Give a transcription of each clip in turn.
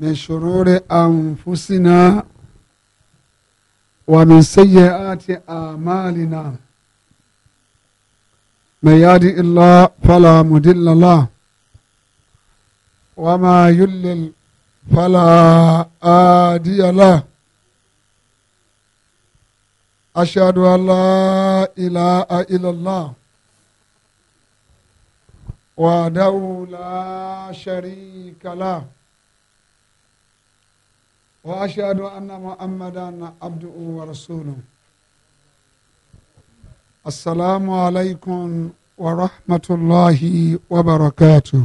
من شرور أنفسنا ومن سيئات أعمالنا من يهدي الله فلا مضل له وما يضلل فلا هادي له أشهد أن لا إله إلا الله وحده لا شريك له وأشهد أن محمدا عبده ورسوله السلام عليكم ورحمة الله وبركاته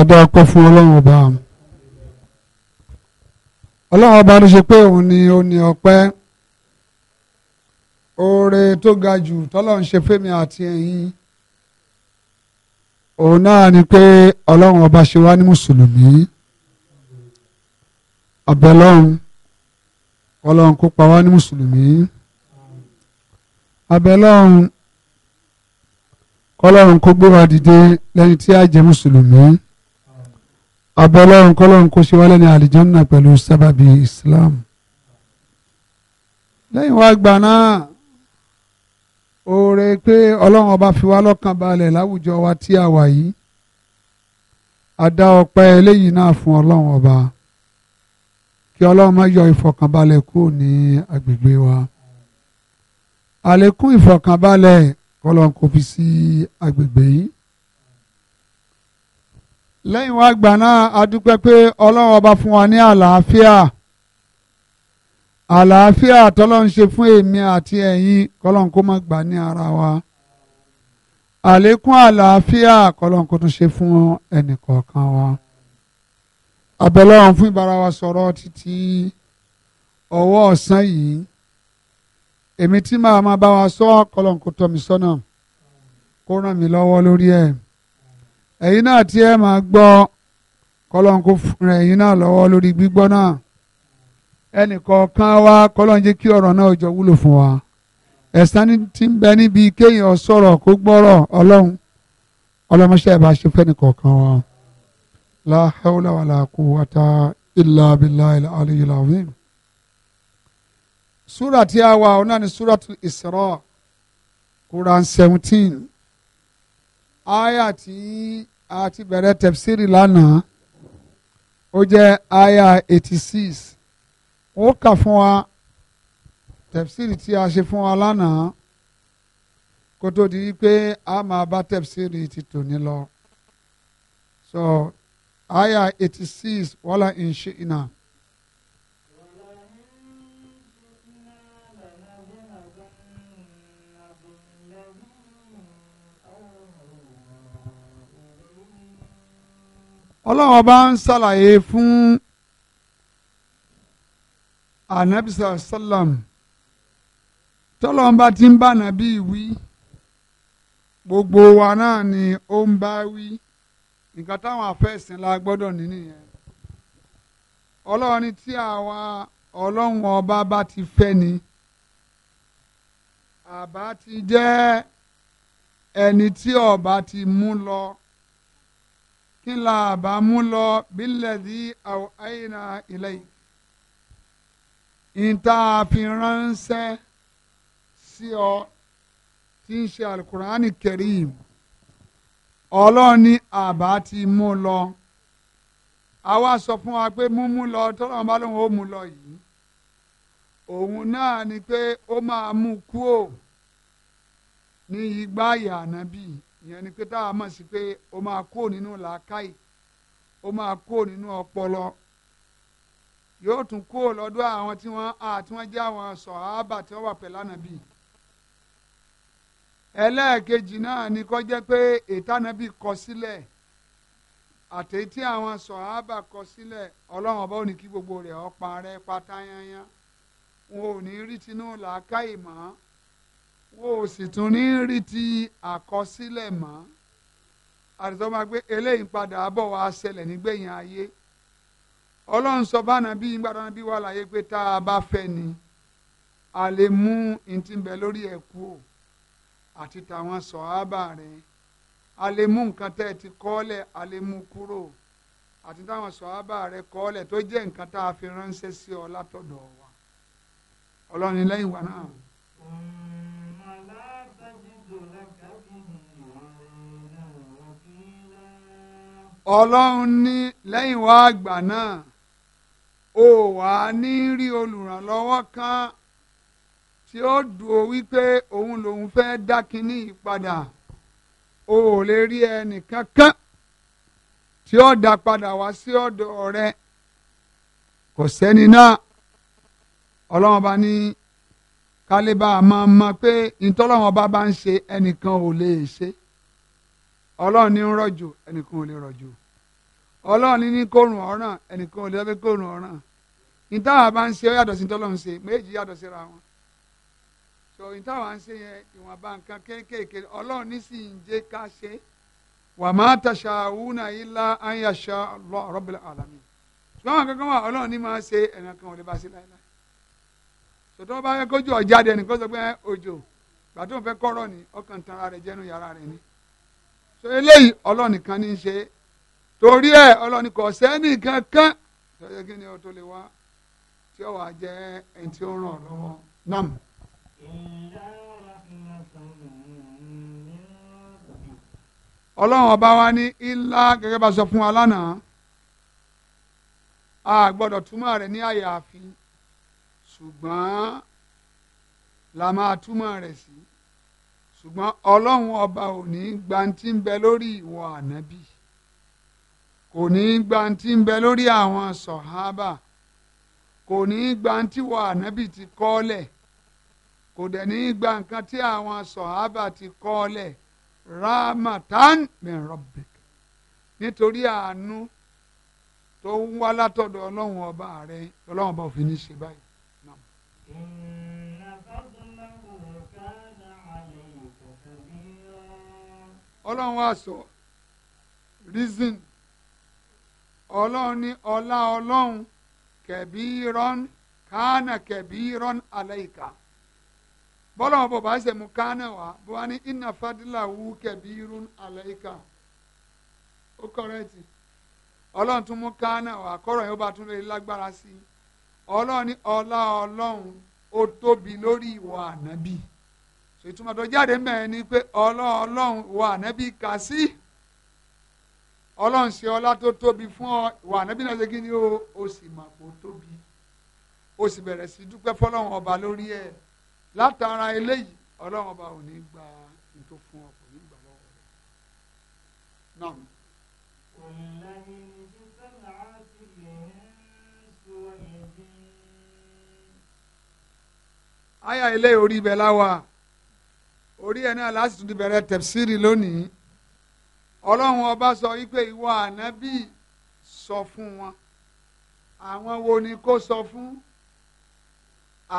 ọdọ ọkọ fún ọlọ́run ọba ọlọ́run ọba ló ṣe pé òun ni ó ní ọpẹ́ oore tó ga jù tọ́lọ́run ṣe fẹ́mi àti ẹ̀yin òun náà ni pé ọlọ́run ọba ṣe wá ní mùsùlùmí abẹ́lọ́run ọlọ́run kó pa wá ní mùsùlùmí abẹ́lọ́run kọ́lọ́run kó gbé wa dìde lẹ́ni tí a jẹ́ mùsùlùmí abẹ́lọ́run kọ́lọ́run kó ṣe wá lẹ́ni àlìjọ́nà pẹ̀lú sábàbí Islam lẹ́yìn wá gbà náà oore pé ọlọ́run ọba fi wá lọ́kàn balẹ̀ láwùjọ wa tí a wà yìí a dá ọpẹ́ eléyìí náà fún ọlọ́run ọba kí ọlọ́run má yọ ìfọ̀kànbalẹ̀ kúrò ní agbègbè wa àlékún ìfọ̀kànbalẹ̀ ọlọ́run kò fi sí agbègbè yìí lẹ́yìn wá gbà náà a dúpẹ́ pé ọlọ́run ọba fún wa ní àlàáfíà àlàáfíà tọ́lọ́n ṣe fún èmi àti ẹ̀yin kọ́lọ́n kó má gbà ní ara wa àlékún àlàáfíà kọ́lọ́n kó tún ṣe fún ẹnìkọ̀ọ̀kan wa abẹ́lọ́run fún ìbára wa sọ̀rọ̀ títí ọwọ́ ọ̀sán yìí èmi tí màá máa bá wa sọ kọ́lọ́n kó tọ́ mi sọ́nà kó ràn mí lọ́wọ́ lórí ẹ̀ ẹ̀yin náà tí máa gbọ́ kọ́lọ́n kó ràn ẹ̀yin náà lọ́wọ́ lórí gbígbọ́ náà ẹnìkọ̀ọ̀kan wa kọ́lọ́njẹ́ kí ọ̀rọ̀ náà jọ wúlò fún wa ẹ̀sán ti ń bẹ níbi kéèyàn sọ̀rọ̀ kó gbọ́rọ̀ ọlọ́run ọlọ́mọṣẹ́ bá ṣe fẹ́ nìkọ̀ọ̀kan wa la hawla wa la quwwata illa billahi al-aliyyil azim. súrà tí a wà ọ̀nà ni súratul Isra Quran seventeen àyà tí a ti bẹ̀rẹ̀ tafsiri lánàá ó jẹ́ àyà eighty six ó kà fún wa tẹ̀fsìrì tí a ṣe fún wa lánàá kó tó di pé a máa bá tẹ̀fsìrì ti tòní lọ so aya eighty six wala inshina. ọlọ́run ọba ń ṣàlàyé fún anabisa salam tọ́lọ́mbà ti ń bá nàbí wí gbogbo wa náà ni ó ń bá wí nǹkan táwọn afẹ́sìn la gbọ́dọ̀ ní nìyẹn ọlọ́run ni tí àwa ọlọ́run ọba bá ti fẹ́ ni àbá ti jẹ́ ẹni tí ọba ti mú lọ kí la àbá mú lọ bílẹ̀ dí àwọn àyìnà ilẹ̀ yìí ìta fi ránṣẹ́ sí ọ tí ń ṣe alukurani kerim ọlọ́run ní àbá ti mú lọ àwa sọ fún wa pé múmú lọ tọ́lọ́run bá lóun ó mú lọ yìí òun náà ni pé ó máa mú kúò ní igbá ìyá ànábì ìyẹn ni pé táwa mọ̀ sí pé ó máa kúò nínú làákàyè ó máa kúò nínú ọpọlọ yóò tún kó lọ́dọ̀ àwọn tí wọ́n àti wọ́n jẹ́ àwọn sọ̀hábà tí wọ́n wà pẹ̀lú ànábì ẹlẹ́ẹ̀kejì náà ni kó jẹ́ pé ètànábì kọ sílẹ̀ àtẹ̀tí àwọn sọ̀hábà kọ sílẹ̀ ọlọ́run ọba ò ní kí gbogbo rẹ̀ ó parẹ́ pátá yányán wọn ò ní rí tinú làákàyè mọ́ wọn ò sì tún ní rí ti àkọsílẹ̀ mọ́ àdìsọ́ máa gbé eléyìí padà bọ̀ wá ṣẹlẹ̀ nígbẹ̀yìn ayé ọlọ́run sọ báànà bí gbàdánù bí wà láyé pé tá a bá fẹ́ ni a lè mú ntí ń bẹ lórí ẹ̀ kú o àti tàwọn sọ̀hábà rẹ̀ a lè mú nǹkan tẹ́ ẹ ti kọ́lẹ̀ a lè mú kúrò àti táwọn sọ̀hábà rẹ̀ kọ́lẹ̀ tó jẹ́ nǹkan tá a fi ránṣẹ́ sí ọ látọ̀dọ̀ wa ọlọ́run lẹ́yìn wa náà. ọlọ́run ní lẹ́yìn wá àgbà náà o wà ní rí olùrànlọ́wọ́ kan tí ó dùn ó wípé òun lòun fẹ́ dá kínní yìí o ò lè rí ẹnìkankan tí ó dá padà wá sí ọ̀dọ̀ rẹ kò sẹ́ni náà ọlọ́run bá ní kálíbà máa mọ pé ìtọ́lọ́run ọba bá ń ṣe ẹnìkan ò lè ṣe ọlọ́run ní ń rọ̀jò ẹnìkan ò lè rọ̀jò ọlọ́run ní kórùn ọ̀ràn ẹnìkan ò lè lọ́bẹ̀ kórùn ọ̀ràn nítawà bá ń ṣe yàtọ̀ sí tọ́lọ́ ń méjì yàtọ̀ síra wọn so nítawà ń ṣe yẹn ìwọ̀nba nǹkan kéékèèké ọlọ́run ní sì ń jẹ́ ká ṣe wà má tàṣà wúnà ilá ayàṣà lọ rọ́bìlà àlàmì ṣùgbọ́n àwọn kankan wà ọlọ́run ní máa ṣe ẹ̀nà kan ò lè bá ṣe láéláé sọtọ́ bá fẹ́ kójú ọjà dẹni kó sọ pé òjò gbàtó fẹ́ kọ́rọ̀ ni ọkàn tan ara rẹ̀ jẹ́nu yàrá rẹ̀ ni so eléyìí ọlọ́run nìkan ní í ṣe torí ẹ̀ ọlọ́run kò sẹ́nì kankan sọ yẹ kí ni o tó lè wá tí ó wàá jẹ́ ẹni tí ó ràn ọ́ lọ́wọ́ náà. ọlọ́run ọba wa ní ilá gẹ́gẹ́ bá sọ fún wa lánàá a gbọ́dọ̀ túmọ̀ rẹ̀ ní àyàfi ṣùgbọ́n la máa túmọ̀ rẹ̀ sí ṣùgbọ́n ọlọ́run ọba ò ní gbantí ń bẹ lórí ìwọ ànábì kò ní gbantí ń bẹ lórí àwọn sọ̀hábà. So kò ní í gba tí wà ànábì ti kọ́lẹ̀ kò dẹ̀ ní í gba nǹkan tí àwọn sọ̀hábà ti kọ́lẹ̀ rahmatan min rabbik nítorí àánú tó ń wá látọ̀dọ̀ ọlọ́run ọba rẹ ọlọ́run ọba òfin ní ṣe báyìí. ọlọ́run wá sọ reason ọlọ́run ní ọlá ọlọ́run. kẹbíirọ́n كان kẹbíirọ́n عليك. bọ́lá wọn bọ̀ bá ṣe mú kánà wá bó wá ní iná fadílà wú kẹbíirọ́n aláìka ó kọ́rẹ́tì ọlọ́run tún mú kánà wá kọ́rọ̀ yóò bá tún lè lágbára sí i ọlọ́run ní ọlá ọlọ́run ó tóbi lórí ìwà ànábì ìtumọ̀ jáde mẹ́rin ni pé ọlọ́run ìwà ànábì kà sí. So, ọlọ́run ṣe ọlá tó tóbi fún ọ ìwà ànábì náà ṣe kí ni ó sì mà kó tóbi ó sì bẹ̀rẹ̀ sí dúpẹ́ fọlọ́run ọba lórí ẹ̀ látara eléyìí ọlọ́run ọba ò ní gba nítorí fún ọ kò ní gbà lọ́wọ́ rẹ̀ náà. àyà ilé orí ibẹ̀ láwa orí ẹ̀ náà láti tún ti bẹ̀rẹ̀ tẹ̀síìrì lónìí ọlọ́run ọba sọ wípé ìwọ ànábì sọ fún wọn àwọn wo ni kó sọ fún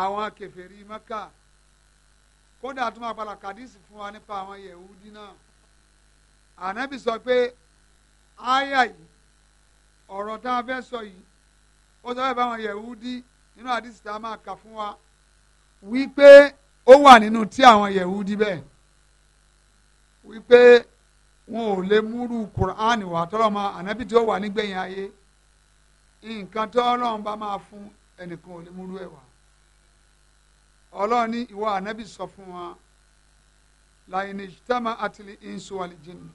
àwọn kèfèrí mẹ́kà kódà tó máa padà kàdísì fún wa nípa àwọn yẹ̀wúdí náà ànábì sọ pé áyà yìí ọ̀rọ̀ tá a fẹ́ sọ yìí ó sọ fẹ́ bá àwọn yẹ̀wúdí nínú àdísì tá a máa kà fún wa wípé ó wà nínú tí àwọn yẹ̀wúdí bẹ́ẹ̀ wípé wọn ò lè múrú Quran wà tọ́lọ́ máa ànábì tí ó wà nígbẹ̀yìn ayé nǹkan tó ọlọ́run bá máa fún ẹnìkan ò lè múrú ẹ̀ wá ọlọ́run ní ìwọ ànábì sọ fún wa láyìn ìṣítàmà àtìlẹ ìṣó àlìjẹnu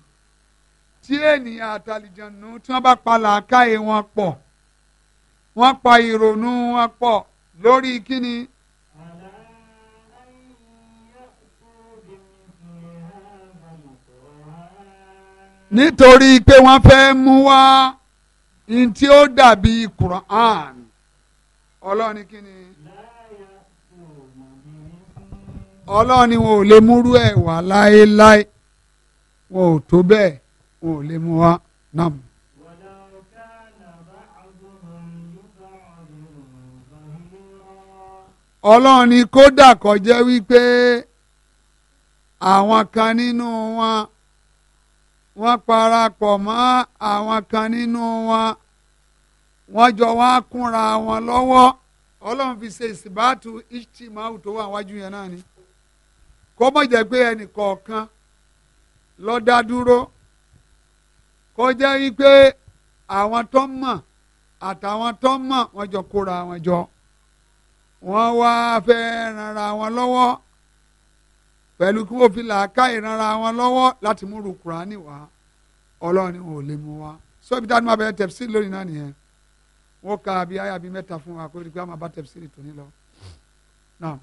tí ènìyàn àtàlìjẹnu tí wọ́n bá pa làákàyè wọn pọ̀ wọ́n pa ìrònú wọn pọ̀ lórí kíni nítorí pé wọ́n fẹ́ mú wá ní tí ó dàbí Quran ọlọ́ni kí ni ọlọ́ni wọn ò lè múrú ẹ̀ wá láéláé wọn ò tó bẹ́ẹ̀ wọn ò lè mú wá náà. ọlọ́run ni kódà kọjẹ́ wípé àwọn kan nínú wọn wọ́n parapọ̀ mọ́ àwọn kan nínú wọn wọ́n jọ wá kúnra wọn lọ́wọ́ ọlọ́run fi ṣe ìsìbáàtú ìtìmáwù tó wà wájú yẹn náà ni kó mọ̀ jẹ́ pé ẹnì kọ̀ọ̀kan ló dá dúró kó jẹ́ wípé àwọn tó mọ̀ àtàwọn tó mọ̀ wọ́n jọ kóra wọn jọ wọ́n wá fẹ́ ranra wọn lọ́wọ́ pẹ̀lú kí wọ́n fi làákà ìranra wọn lọ́wọ́ láti mú ru kùránì ọlọ́run ò lè mú wa sọ ibi táwọn abẹ́rẹ́ tẹ̀sí lónìí náà nìyẹn wọ́n ka bí àyà bí mẹ́ta fún wa kó o ti gbé àwọn abá tẹ̀sí tòní lọ. náà.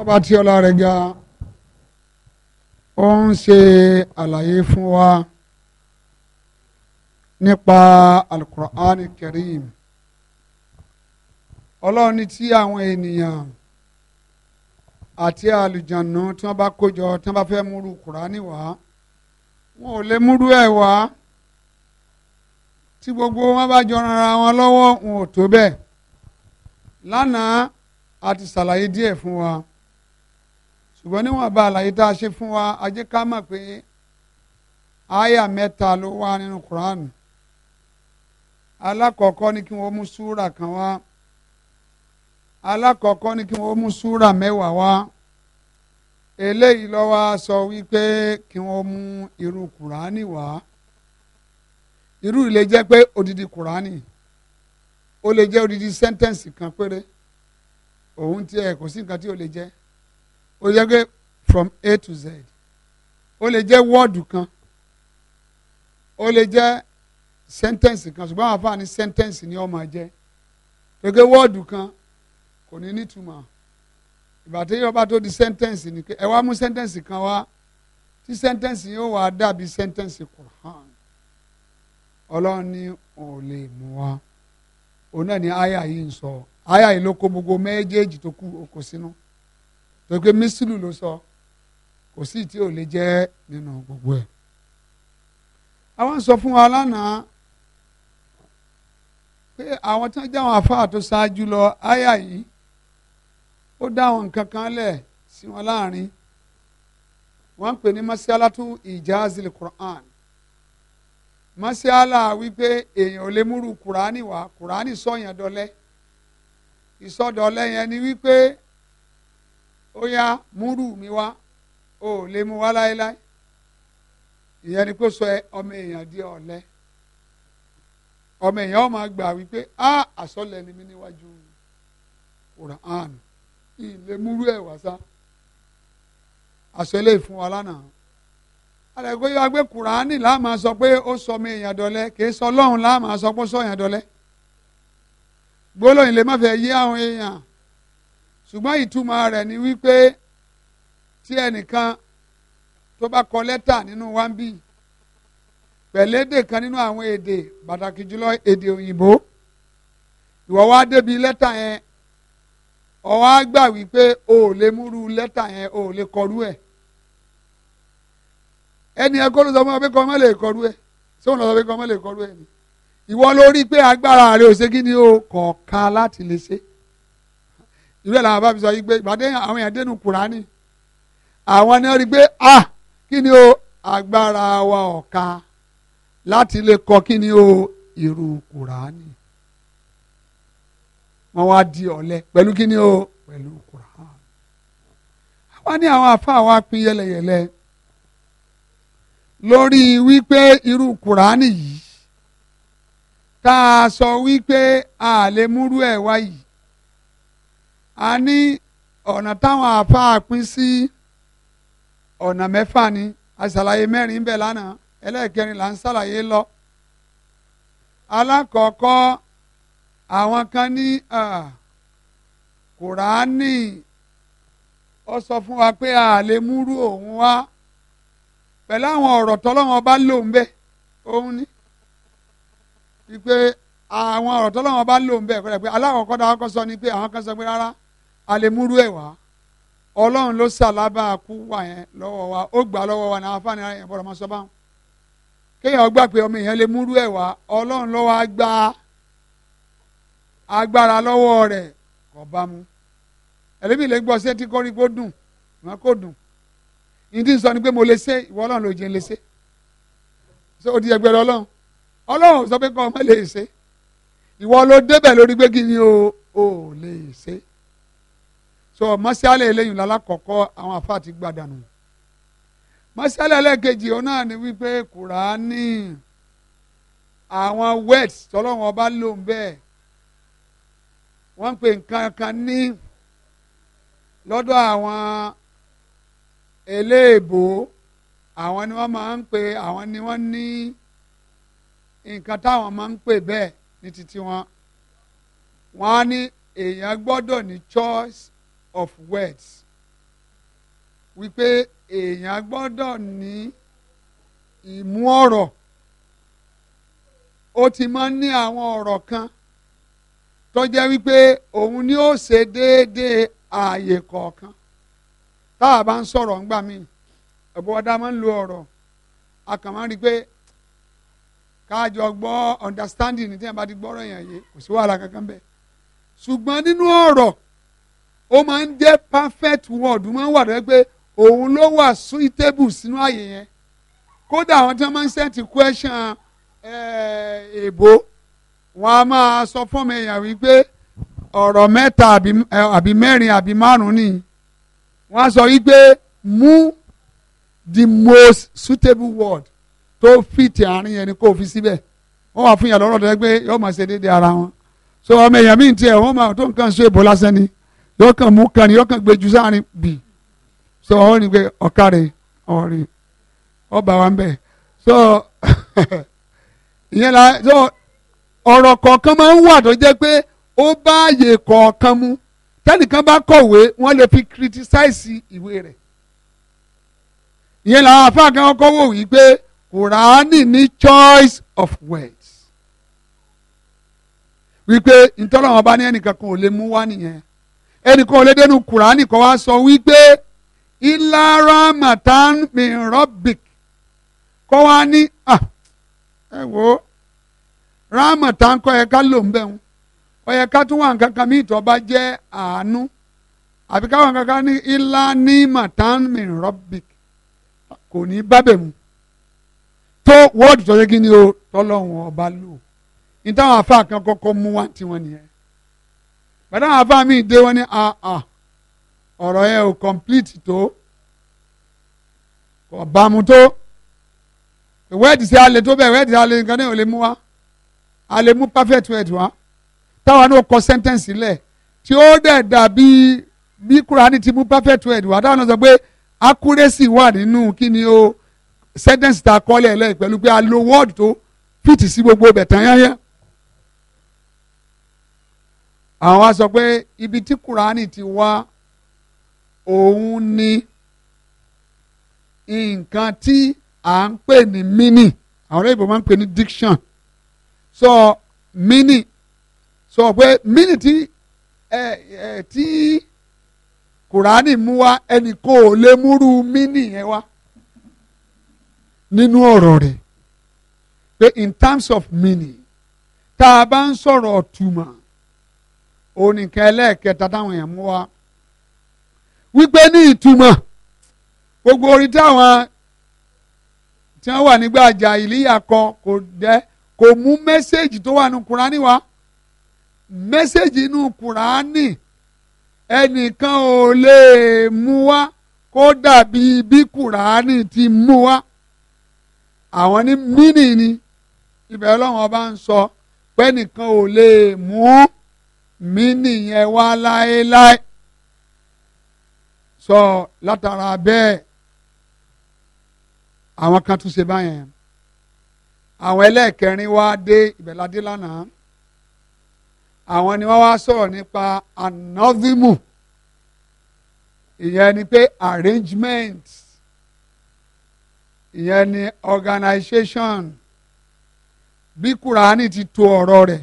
ọba tí ọlá rẹ̀ ga ó ń ṣe àlàyé fún wa nípa alukur'an karim ọlọ́run ní tí àwọn ènìyàn àti àlùjànnú tí wọ́n bá kójọ tí wọ́n bá fẹ́ múru kùránì wá wọn ò lè múru ẹ̀ wá tí gbogbo wọn bá jọ rara wọn lọ́wọ́ wọn ò tó bẹ́ẹ̀ lánàá a ti ṣàlàyé díẹ̀ fún wa ṣùgbọ́n níwọ̀n bá àlàyé tá a ṣe fún wa a jẹ́ ká mọ̀ pé àyà mẹ́ta ló wà nínú Quran alákọ̀ọ́kọ́ ni kí wọ́n mú súrà kan wá alákọ̀ọ́kọ́ ni kí wọ́n mú súrà mẹ́wàá wá eléyìí ló wá sọ wípé kí wọ́n mú irú Kùránì wá irú ilé jẹ́ pé odidi Kùránì ó lè jẹ́ odidi sẹ́ńtẹ́ǹsì kan péré òun tiẹ̀ kò sí nǹkan tí ó lè jẹ́ ó yẹ pé from a to z ó lè jẹ́ wọ́ọ̀dù kan ó lè jẹ́ sẹ́ńtẹ́ǹsì kan ṣùgbọ́n àwọn afáàní sẹ́ńtẹ́ǹsì ni ó máa jẹ́ gẹ́gẹ́ wọ́ọ̀dù kan kò ní nítumọ̀ ìbàtí ọba tó di sẹ́ńtẹ́ǹsì ni ẹ wá mú sẹ́ńtẹ́ǹsì kan wá tí sẹ́ńtẹ́ǹsì yóò wá dàbí sẹ́ńtẹ́ǹsì Qur'an ọlọ́run ní òun lè mú wa òun náà ni àyà yìí ń sọ àyà yìí ló kó gbogbo méjèèjì tó kù ó sínú tó pé mísìlù ló sọ kò sí tí ò lè jẹ́ nínú gbogbo ẹ̀. àwọn sọ fún wa lánàá pé àwọn tí wọ́n jẹ́ àwọn afáà tó ṣáájú lọ áyà yìí ó dá àwọn nǹkan kan lẹ̀ sí wọn láàrin wọ́n pè ní masialatu ìjáàzìlì Qur'an masiala wípé èèyàn ò lè múru kùránì wá kùránì sọ̀yàn dọ́lẹ́ ìsọdọ̀lẹ́ yẹn ni wípé ó yá múrù mi wá ó lè mú wá láéláé ìyẹn ni kó sọ ọmọ èèyàn di ọ̀lẹ ọmọ èèyàn ó máa gbà wípé a àsọlẹ̀ ni mi níwájú Quran ilé múrú ẹ̀ wá sá àsọlẹ̀ ìfún wa lánàá alẹ́gbẹ́ yóò gbé kùránì láàmà sọ pé ó sọ mi èèyàn dọ̀lẹ́ kìí sọ ọlọ́run láàmà sọ pé ó sọ èèyàn dọ̀lẹ́ gbólóyìn lè má fẹ́ yé àwọn èèyàn ṣùgbọ́n ìtumọ̀ rẹ̀ ni wípé tí ẹnìkan tó bá kọ lẹ́tà nínú wáńbí pẹ̀lédè kan nínú àwọn èdè pàtàkì jùlọ èdè òyìnbó ìwọ wá débi lẹ́tà yẹn o wá gbà wípé o ò lè múru lẹ́tà yẹn o ò lè kọrú ẹ̀ ẹni ẹkọ ló sọ fún ọ pé kọ́ ọ má lè kọrú ẹ̀ sóun lọ sọ pé kọ́ ọ lè kọrú ẹ̀ ìwọ ló rí i pé agbára rẹ ò ṣe kí ni o kọ̀ọ̀ka láti lè ṣe irú ẹ̀ làwọn bá fi sọ yìí pé ìpàdé àwọn èèyàn dénú kùránì àwọn ni wọ́n rí i pé ah kí ni o agbára wa ọ̀ka láti lè kọ kí ni o irú kùránì wọ́n wá di ọ̀lẹ pẹ̀lú kí ni o pẹ̀lú kùránì wọ́n ní àwọn afa àwọn apin yẹlẹyẹlẹ lórí wípé irú kùránì yìí tá a sọ wípé a lè múrú ẹ̀ wá a ní ọ̀nà táwọn àáfàá pín sí ọ̀nà mẹ́fà ni àṣàlàyé mẹ́rin bẹ̀ lánàá ẹlẹ́ẹ̀kẹrin là ń ṣàlàyé lọ. alákọ̀ọ́kọ́ àwọn kan ní kùránì ó sọ fún wa pé a lè múrú òun wá pẹ̀lú àwọn ọ̀rọ̀ tọ́lọ́wọ́n bá lò ń bẹ̀ òun ni wípé àwọn àlèmúrú ẹ̀ wá ọlọ́run ló ṣàlábà kú wà yẹn lọ́wọ́ wa ó gbà lọ́wọ́ wa náà afáàní ara yẹn bọ̀rọ̀ máa sọ báwọn kéèyàn gbà pé ọmọ èèyàn lè múrú ẹ̀ wá ọlọ́run lọ́wọ́ á gba agbára lọ́wọ́ rẹ̀ kò bá mu ẹlẹ́mi lè gbọ́ ṣé tí kò rí kó dùn mọ́ kó dùn ní tí sọ ni pé mo lè ṣe ìwọ ọlọ́run ló jẹ́ ń lè ṣe ṣé o ti ẹgbẹ́ rẹ ọlọ́run ọlọ́run sọ pé kọ́ ọmọ lè ṣe ìwọ ló débẹ̀ lórí pé ni o ò lè ṣe so mọ́sálẹ̀ eléyìí lálákọ̀ọ́kọ́ àwọn àfáà ti gbà dànù mọ́sálẹ̀ ẹlẹ́ẹ̀kejì òun ni wípé kùránì àwọn wet tọ́lọ́wọ́n bá lò ń bẹ́ẹ̀ wọ́n ń pè nǹkan kan ní lọ́dọ̀ àwọn eléèbó àwọn ni wọ́n máa ń pè àwọn ni wọ́n ní nǹkan táwọn máa ń pè bẹ́ẹ̀ ní títí wọn wọ́n á ní èèyàn gbọ́dọ̀ ní choice of words wípé èèyàn gbọ́dọ̀ ní ìmú ọ̀rọ̀ ó ti máa ń ní àwọn ọ̀rọ̀ kan tó jẹ́ wípé òun ni ó ṣe déédéé ààyè kọ̀ọ̀kan tá a bá ń sọ̀rọ̀ ńgbà míì ọ̀bọ̀dá máa ń lo ọ̀rọ̀ a kàn máa ń rí i pé káàjọ gbọ́ understanding ní tí wọ́n bá ti gbọ́rọ̀ yẹn yé kò sí wàhálà kankan bẹ́ẹ̀ ṣùgbọ́n nínú ọ̀rọ̀ ó máa ń jẹ́ perfect word ó máa ń wà lọ́wọ́ pé òun ló wà suitable sínú àyè yẹn kódà àwọn tí wọ́n máa ń sẹ́ǹtì question èèbó eh, wọn a máa sọ fún mi èèyàn wípé ọ̀rọ̀ mẹ́ta eh, àbí mẹ́rin àbí márùn-ún ni wọ́n á sọ wípé mú the most suitable word tó fit àárín yẹn ni kó fi síbẹ̀ wọ́n wà fún yàrá ọ̀rọ̀ tó yẹ pé yóò máa ṣe déédéé ara wọn so ọmọ èèyàn mi tiẹ̀ wọ́n máa tó nǹkan ṣe èèbó lásán ni yóò kàn mú kan ní yóò kàn gbé jù sáárín bì so ọ ní pé ọ̀kárẹ̀ ọ̀rìn ọba wa ń bẹ̀ so ìyẹn la so ọ̀rọ̀ kọ̀ọ̀kan máa ń wà tó jẹ́ pé ó bá àyè kọ̀ọ̀kan mu tẹ́nìkan bá kọ̀wé wọ́n lè fi criticize ìwé rẹ̀ ìyẹn làwọn afáà kan wò wí kùránì ní choice of words wípé ntọ́lọ́wọ́n bá ní ẹnìkan kan ò lè mú wá nìyẹn ẹnìkan lè dénú kùránì kan wá sọ wípé ilá ramatan min kọ́ wá ní ẹ wo ramatan kọ́ yẹ ká lò ń bẹ̀ wọn ó yẹ ká tún wà nǹkan kan míì bá jẹ́ àánú àbí ni o tọ́lọ́hún ọba lò ní táwọn kọ́kọ́ mú wá tiwọn gbàdá àfa mi dé wọn ní àà ah, ah, ọ̀rọ̀ yẹn ò complete tó kò bámu tó wẹ́ẹ̀dì sí alẹ́ tó bẹ́ẹ̀ wẹ́ẹ̀dì sí alẹ́ nǹkan náà ò lè mú wa a mú perfect word wa táwa náà kọ sentence lẹ̀ tí ó dẹ̀ dàbí bí Kúránì ti mú perfect word wa táwa náà sọ pé accuracy wà nínú kí ni o sentence ta kọ́lẹ̀ lẹ́yìn pẹ̀lú pé a lo word tó fìtì sí gbogbo bẹ̀ tán yányán àwọn wa sọ pé ibi tí kùránì ti wá òun ni nǹkan tí à ń pè ní mini àwọn olóyìnbó máa ń pè ní diction sọ mini sọ pé mini tí ẹ ẹ tí kùránì mú wá ẹnì kò lè múrú mini yẹn wá nínú ọ̀rọ̀ rẹ̀ pé in terms of mini tá a bá ń sọ̀rọ̀ ọ̀túmọ̀ onìkan ẹlẹ́ẹ̀kẹta táwọn èèyàn mú wa wípé ní ìtumọ̀ gbogbo orin táwọn tí wọ́n wà nígbà àjà ìlíyà kọ kò dẹ́ kò mú mẹ́sẹ̀gì tó wà nínú kùránì wá mẹ́sẹ̀gì inú kùránì ẹnìkan ò lè mú wá kó dàbí bí kùránì ti mú wá àwọn ní mínì ni ibẹ̀ ọlọ́run ọba ń sọ pẹ́nìkan ò lè mú wá mí nìyẹn wá láéláé sọ látara bẹ́ẹ̀ àwọn kan tún ṣe báyẹn àwọn ẹlẹ́ẹ̀kẹrin wá dé ìbẹ̀ladé lánàá àwọn ni wọ́n wá sọ̀rọ̀ nípa anọ́vímù ìyẹn ni pé arrangement ìyẹn ni organization bí kùránì ti tò ọ̀rọ̀ rẹ̀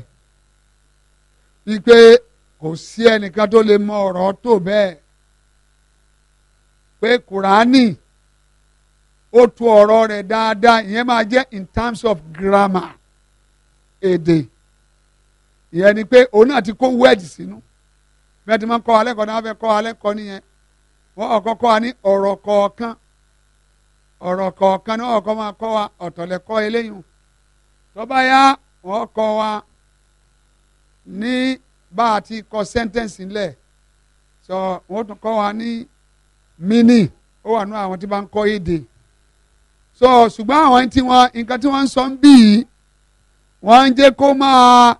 wípé kò sí ẹnìkan tó lè mọ ọ̀rọ̀ tó bẹ́ẹ̀ pé kùránì ó tu ọ̀rọ̀ rẹ̀ dáadáa ìyẹn máa jẹ́ in terms of grammar èdè ìyẹn ni pé òun náà ti kó word sínú ti máa ń kọ́ alẹ́ kọ́ náà fẹ́ kọ́ alẹ́ kọ́ nìyẹn wọ́n ọ̀kọ́ kọ́ wa ní ọ̀rọ̀ kọ̀ọ̀kan ọ̀rọ̀ kọ̀ọ̀kan náà ọ̀kọ́ máa kọ́ wa ọ̀tọ̀lẹ̀kọ́ eléyìí yá wọ́n kọ́ wa. ní bá a ti kọ sẹ́ńtẹ́ǹsì ńlẹ̀ sọ wọ́n tún kọ́ wa ní mini ó wà nú àwọn tí bá ń kọ́ èdè so ṣùgbọ́n àwọn tí wọ́n nǹkan tí wọ́n ń sọ ń bì í wọ́n ń jẹ́ kó máa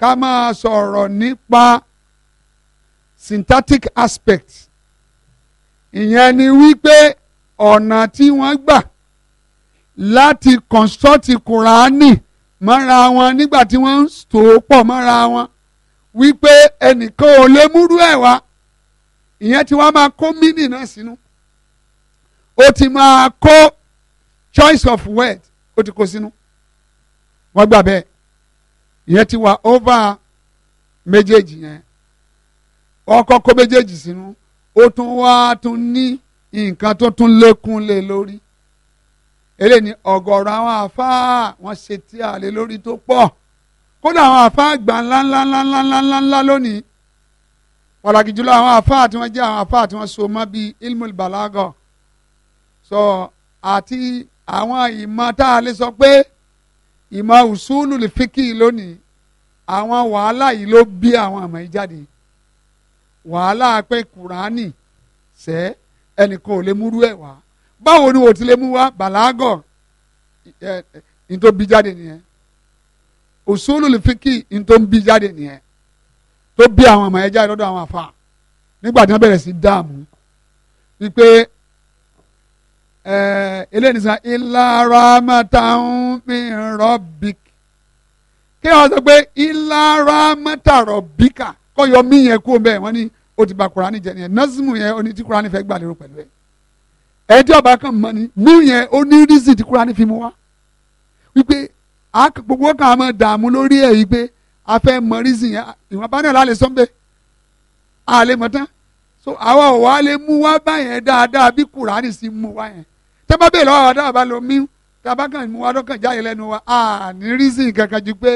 ká máa sọ̀rọ̀ nípa syntactic aspect ìyẹn ni wípé ọ̀nà tí wọ́n gbà láti construct Kùránì mọ́ra wọn nígbà tí wọ́n ń tò pọ̀ mọ́ra wọn wípé ẹnìkan ò lè múrú ẹ̀ wá ìyẹn tí wọ́n máa kó mínì náà sínú ó ti máa kó choice of word ó ti kó sínú wọ́n gbà bẹ́ẹ̀ ìyẹn ti wà over méjèèjì yẹn ọkọ kó méjèèjì sínú ó tún wá tún ní nǹkan tó tún lékún lé lórí eléyìí ni ọ̀gọ̀rọ̀ àwọn àfáà wọ́n ṣe tí a lè lórí tó pọ̀ kódà àwọn àfáà gbà ńláńláńláńláńláńlá lónìí pàtàkì jùlọ àwọn àfáà tí wọ́n jẹ́ àwọn àfáà tí wọ́n so mọ́ bíi ilmul balaga sọ àti àwọn ìmọ̀ tá a lè sọ pé ìmọ̀ usulu lè fíkì lónìí àwọn wàhálà yìí ló bí àwọn àmọ́ yìí jáde wàhálà pé kùránì sẹ́ ẹnìkan ò lè múrú ẹ̀ wá báwo ni wò ti lè mú wa bàlágọ̀ ẹ ẹ ntọ́ bí jáde nìyẹn usulul fiqi ntọ́ bí jáde nìyẹn tó bí àwọn ọmọ ẹja lọ́dọ̀ àwọn afa nígbà tí wọ́n bẹ̀rẹ̀ sí dààmú wípé ẹ eléyìí sàn ilá ramatan min kí wọ́n sọ pé ilá ramata rabbika kọ́ yọ mí yẹn kú bẹ́ẹ̀ wọ́n ní o ti ba kurani jẹ nìyẹn nọ́ọ̀sìmù yẹn oní tí kurani fẹ́ gbà pẹ̀lú ẹ̀ ẹni tí ọba kan mọ ni mú yẹn ó ní rísì tí kúránì fi mu wá wípé gbogbo kan àmọ́ dààmú lórí ẹ̀ yìí pé a fẹ́ mọ rísì yẹn ìwọ̀n bá náà lálẹ́ sọ́ńbẹ́ a lè mọ tán so àwa ò wá lè mú wá báyẹn dáadáa bí kúránì sì mú wá yẹn tẹ́ bá bèèrè lọ́wọ́ àdáwà bá lọ mí tàbá kan mú wa dọ́kàn jáde lẹ́nu wa a ní rísì kankan ju pé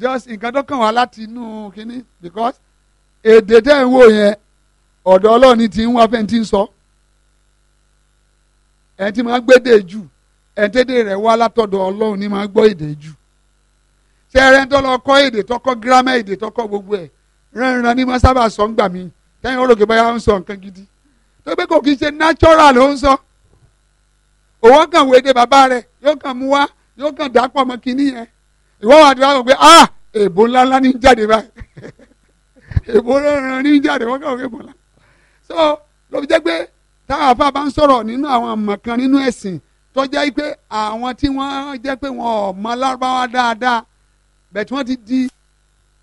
just nǹkan dọ́kàn wá láti inú kínní because èdè tẹ́ ń wò yẹn ọ̀dọ̀ ọlọ́ọ̀ni ti ń wá fẹ́ ti ń sọ ẹni ti máa gbédè jù ẹni tẹ́dẹ̀ rẹ̀ wá látọ̀dọ̀ ọlọ́run ní máa gbọ́ èdè jù ṣé ẹrẹ́ ń tọ́lọ kọ́ èdè tọ́kọ́ gírámà èdè gbogbo ẹ̀ ránran ní máa sábà sọ ń gbà mí tẹ́yìn olóògbé báyà ń sọ nǹkan gidi tó pé kò kí ń ṣe natural ló ń sọ òwò kan wo èdè bàbá rẹ̀ yóò kàn mú wá yóò kàn dàpọ̀ mọ́ kinní yẹn ìwọ́n wà dúró pé ah èbó ńláńlá ní jáde báyìí èbó ní jáde wọ́n kàn táwọn afa bá ń sọ̀rọ̀ nínú àwọn àmọ̀kan nínú ẹ̀sìn tó jẹ́ pé àwọn tí wọ́n jẹ́ pé wọn ò mọ lárúbáwá dáadáa bẹ̀tí wọ́n ti di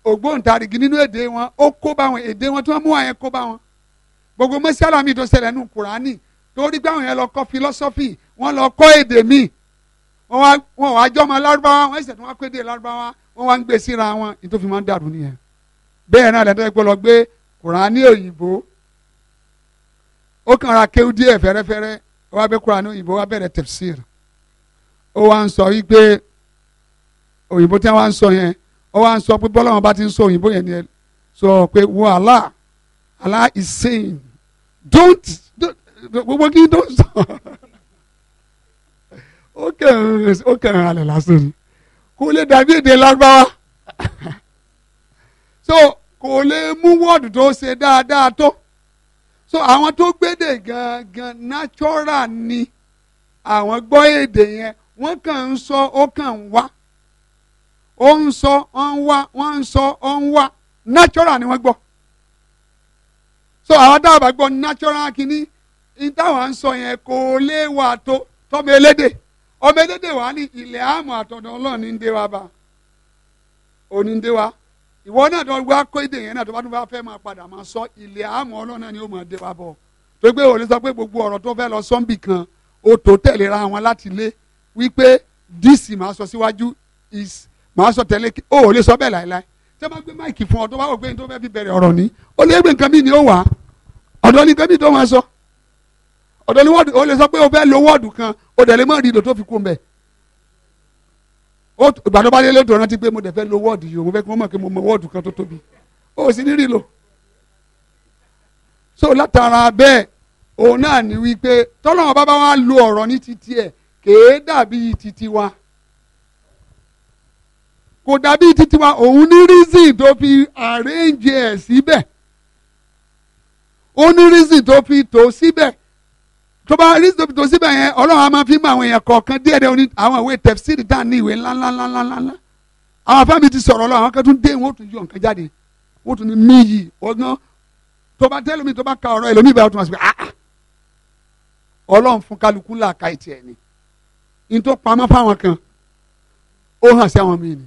ògbóǹtarìgì nínú èdè wọn ó kó bá wọn èdè wọn tí wọ́n mú àyẹn kó bá wọn gbogbo mọ́sálà mi tó ṣẹlẹ̀ nù kùránì torí pé àwọn yẹn lọ kọ́ fílọ́sọ́fì wọ́n lọ kọ́ èdè míì wọ́n wá jọ́mọ lárúbáwá wọ́n ṣẹ̀tún wá kéde lárúbáwá wọ́n wá ń gbé síra wọn ìtòfin máa ń dàrú nìyẹn bẹ́ẹ̀ náà lẹ́tọ́ ẹgbẹ́ lọ gbé kùránì òyìnbó ó kàn ra kéwú díẹ̀ fẹ́rẹ́fẹ́rẹ́ ó wá gbé Kùránì òyìnbó wá bẹ̀rẹ̀ tafsir ó wá ń sọ wípé òyìnbó tí wọ́n ń sọ yẹn ó wá ń sọ pé bọ́lá wọn bá ti ń sọ òyìnbó yẹn ni ẹ sọ pé wọ Allah Allah is saying don't gbogbo kí don't sọ ó kàn ó kàn alẹ̀ lásán ni kò lè dàbí èdè lárúbáwá so kò lè mú wọ́ọ̀dù tó ṣe dáadáa tó so àwọn tó gbédè gangan natural ni àwọn gbọ́ èdè yẹn wọ́n kàn ń sọ ó kàn ń wá ó ń sọ ó ń wá wọ́n ń sọ ó ń wá natural ni wọ́n gbọ́ so àwọn dábàá gbọ́ natural kínní ìtawà ń sọ yẹn kò lè wà tó tọ́mọ elédè ọmọ elédè wà ní ilẹ̀ àmọ̀ àtọ̀dọ̀ ọlọ́ọ̀ni ń dé wa bá òní ń dé wa ìwọ náà tó wá kó èdè yẹn náà tó bá tún bá fẹ́ máa padà máa sọ ilé àmọ́ ọlọ́nà ni ó máa dé wa bọ̀ tó gbé òòlù sọ pé gbogbo ọ̀rọ̀ tó fẹ́ lọ sọ́ǹbì kan ó tó tẹ̀léra wọn láti lé wípé this máa sọ síwájú is máa sọ tẹ̀lé ó ò lè sọ bẹ́ẹ̀ láéláé tẹ́ bá gbé máìkì fún ọ tó bá wò pé n tó fẹ́ fi bẹ̀rẹ̀ ọ̀rọ̀ ni ó lè gbé nǹkan bí ni ó wà ọ̀dọ́ ni nǹkan bí tó máa ìgbà tó bá dé lóòótọ́ rántí pé mo dẹ̀ fẹ́ lo wọ́ọ̀dù yìí o mo fẹ́ kí wọ́n mọ̀ pé mo mọ kan tó tóbi o sì ní rí lò so látara bẹ́ẹ̀ òun náà ní wípé tọ́lọ́wọ́n bá bá wá lo ọ̀rọ̀ ní titi ẹ̀ kèé dàbí titi wa kò dàbí titi wa òun ní reason tó fi arrange ẹ̀ síbẹ̀ ó ní reason tó fi tò síbẹ̀ tó bá rí tó síbẹ̀ yẹn ọlọ́run a máa fi mú àwọn èèyàn kọ̀ọ̀kan díẹ̀ díẹ̀ oní àwọn ìwé tẹ̀fsírì tá à ní ìwé ńláńláńláńlá àwọn afáàmì ti sọ̀rọ̀ lọ àwọn kan tún dé wọn tún yọ nǹkan jáde wọn tún ní míyì ọgbọ́n tó bá tẹ́ lómi tó bá ka ọ̀rọ̀ ẹ̀ lómi ìbára tó máa sọ pé ah, ah. ọlọ́run fún kálukú là ka ìtì ẹ̀ ni n tó pamọ́ fáwọn kan ó hàn sí àwọn míì ni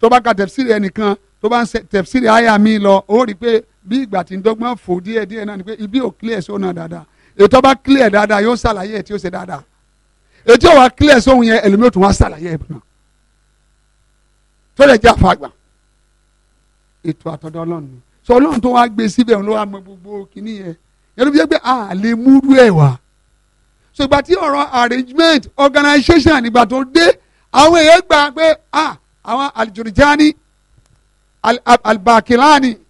tó bá ka tẹ̀fsírì ẹnìkan tó bá ń tẹ̀fsírì àyà mi lọ ó rí i pé bí ìgbà tí ń dọ́gbọ́n fò díẹ̀díẹ̀ náà ni pé ibi ò clear sí ọ̀nà dáadáa ètò bá clear dáadáa yóò ṣàlàyé ètò yóò ṣe dáadáa ètò yóò wá clear sóhun yẹn ẹlòmíràn tún wá ṣàlàyé ẹ̀ náà tó lè jẹ́ àfàgbà ètò àtọ̀dọ̀ ọlọ́run ni sọ ọlọ́run tó wá gbé síbẹ̀ ló wá mọ gbogbo kìíní yẹn yẹn ló fi jẹ́ pé a lè múrú ẹ̀ wá so ìgbà tí ọ̀rọ̀ arrangement organisation ìgbà tó dé àwọn èèyàn gbà pé a ah, àwọn àlùjọ̀rìjáni àlùbàkìláni. Al, al, al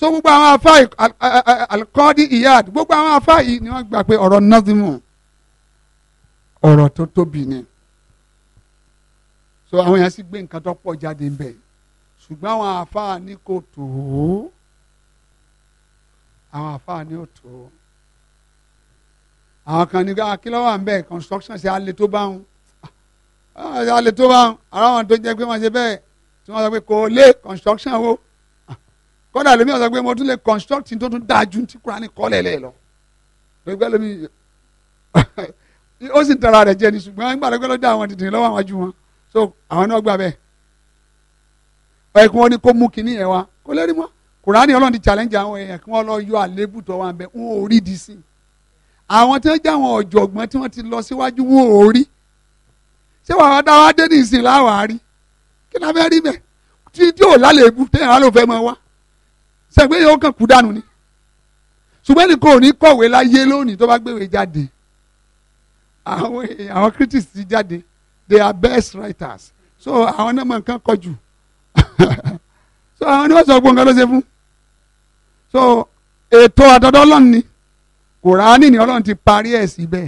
so gbogbo àwọn afa alikọ́ọ́dí iyad gbogbo àwọn afa yìí ni wọ́n gbà pé ọ̀rọ̀ nazimu ọ̀rọ̀ tó tóbi ni so àwọn yẹn sì gbé nǹkan tó pọ̀ jáde ń bẹ̀ ṣùgbọ́n àwọn afa ni kò tó àwọn afa ni ò tó àwọn kan ní akílọ́ ah, wà ń bẹ̀ construction ṣe alẹ́ tó bá wọn ah, alẹ́ tó bá wọn ara wọn tó jẹ́ pé wọ́n ṣe bẹ́ẹ̀ tí wọ́n sọ pé kò lé construction wo kọ́dà lómi ọ̀sán pé mo tún lè construct tó tún dáa ju ti Kùránì kọ́lẹ̀ lẹ́ẹ̀ lọ gbẹgbẹ́ lómi ó sì tara rẹ̀ jẹ ní ṣùgbọ́n nígbà tó dá àwọn tètè lọ́wọ́ àwọn ju wọn so àwọn náà gbà bẹ́ẹ̀ ẹ̀kún wọn ni kó mú kinní yẹn wá kó lè mọ́ Kùránì Ọlọ́run ti challenge àwọn èèyàn kí wọ́n lọ yọ àlébù tó wà ń bẹ̀ wọn ò rí di sí i àwọn tí wọ́n jẹ́ àwọn ọ̀jọ̀gbọ́n tí wọ́n ti lọ síwájú wọn ò rí ṣé wàá wá dá wá dé ní ìsìn láwàá kí ni a fẹ́ rí bẹ́ẹ̀ tí tí ò lálẹ́ ebu téèyàn á lò fẹ́ mọ wá sẹ́gbé yóò kàn kú dànù ni ṣùgbọ́n ẹnìkan ò ní kọ̀wé láyé lónìí tó bá gbéwé jáde àwọn àwọn critics ti jáde they are best writers so àwọn náà mọ nǹkan kọ jù so àwọn ni wọ́n sọ gbogbo nǹkan ló ṣe fún so ètò àtọ̀dọ̀ ọlọ́run ni kùránì ni ọlọ́run ti parí ẹ̀ síbẹ̀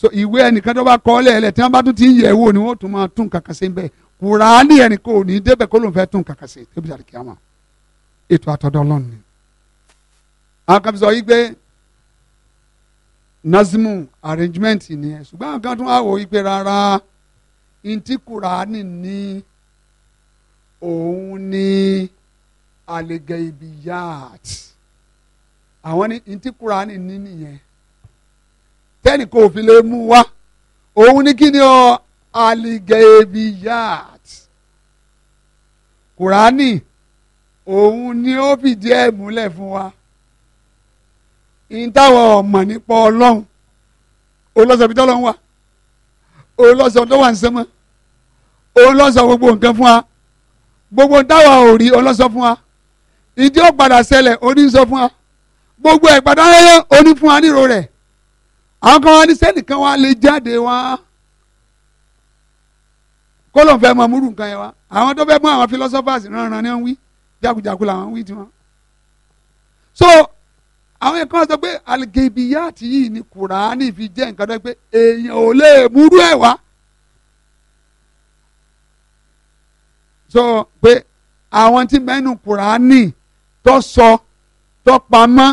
so ìwé ẹnìkan tó bá kọ ọ́ lẹ́ẹ̀lẹ́ tí wọ́n bá tún ti ń yẹ̀ wò ni wọ́n tún máa tún kàkà sí bẹ́ẹ̀ kùránì ẹnìkan ò ní débẹ̀ kó ló ń fẹ́ tún kàkà sí débi àdìkí àmọ́ ètò àtọ̀dọ̀ ọlọ́run ni. àwọn kan sọ yí pé nazimu arrangement nìyẹn ṣùgbọ́n àwọn kan tún wá wò yí pé rárá ntí kùránì ní òun ní àlègè ibi yáàt àwọn ní ntí kùránì ní nìyẹn tẹ́nì kò fi lè mú wá òun ní kí ni ọ àlègè ibi yáàt kùránì òun ni ó fìdí ẹ̀ múlẹ̀ fún wa ìtawọ̀ ọ̀mọ̀ nípa ọlọ́run olóṣèlú tó lọ́n wa olóṣèlú tó wà ń sẹ́mọ́ olóṣèlú gbogbo nǹkan fún wa gbogbo táwa ò rí olóṣèlú fún wa ìdí ó padà ṣẹlẹ̀ oníṣọ́ fún wa gbogbo ẹ̀ padà yẹ́yẹ́ oní fún wa nírò rẹ̀ àwọn kan wá ní sẹ́nìkan wá lè jáde wá kó lóun fẹ́ mọ múrù nǹkan yẹn wá àwọn tó fẹ́ mọ àwọn philosophers ránran ni wọ́n wí jákujàku làwọn wí tiwọn. so àwọn kan sọ pé algebiyaati yìí ni kùránì fi jẹ́ nǹkan tó pé èèyàn ò lè múrú ẹ̀ wá. so pé àwọn tí mẹ́nu kùránì tó sọ tó pamọ́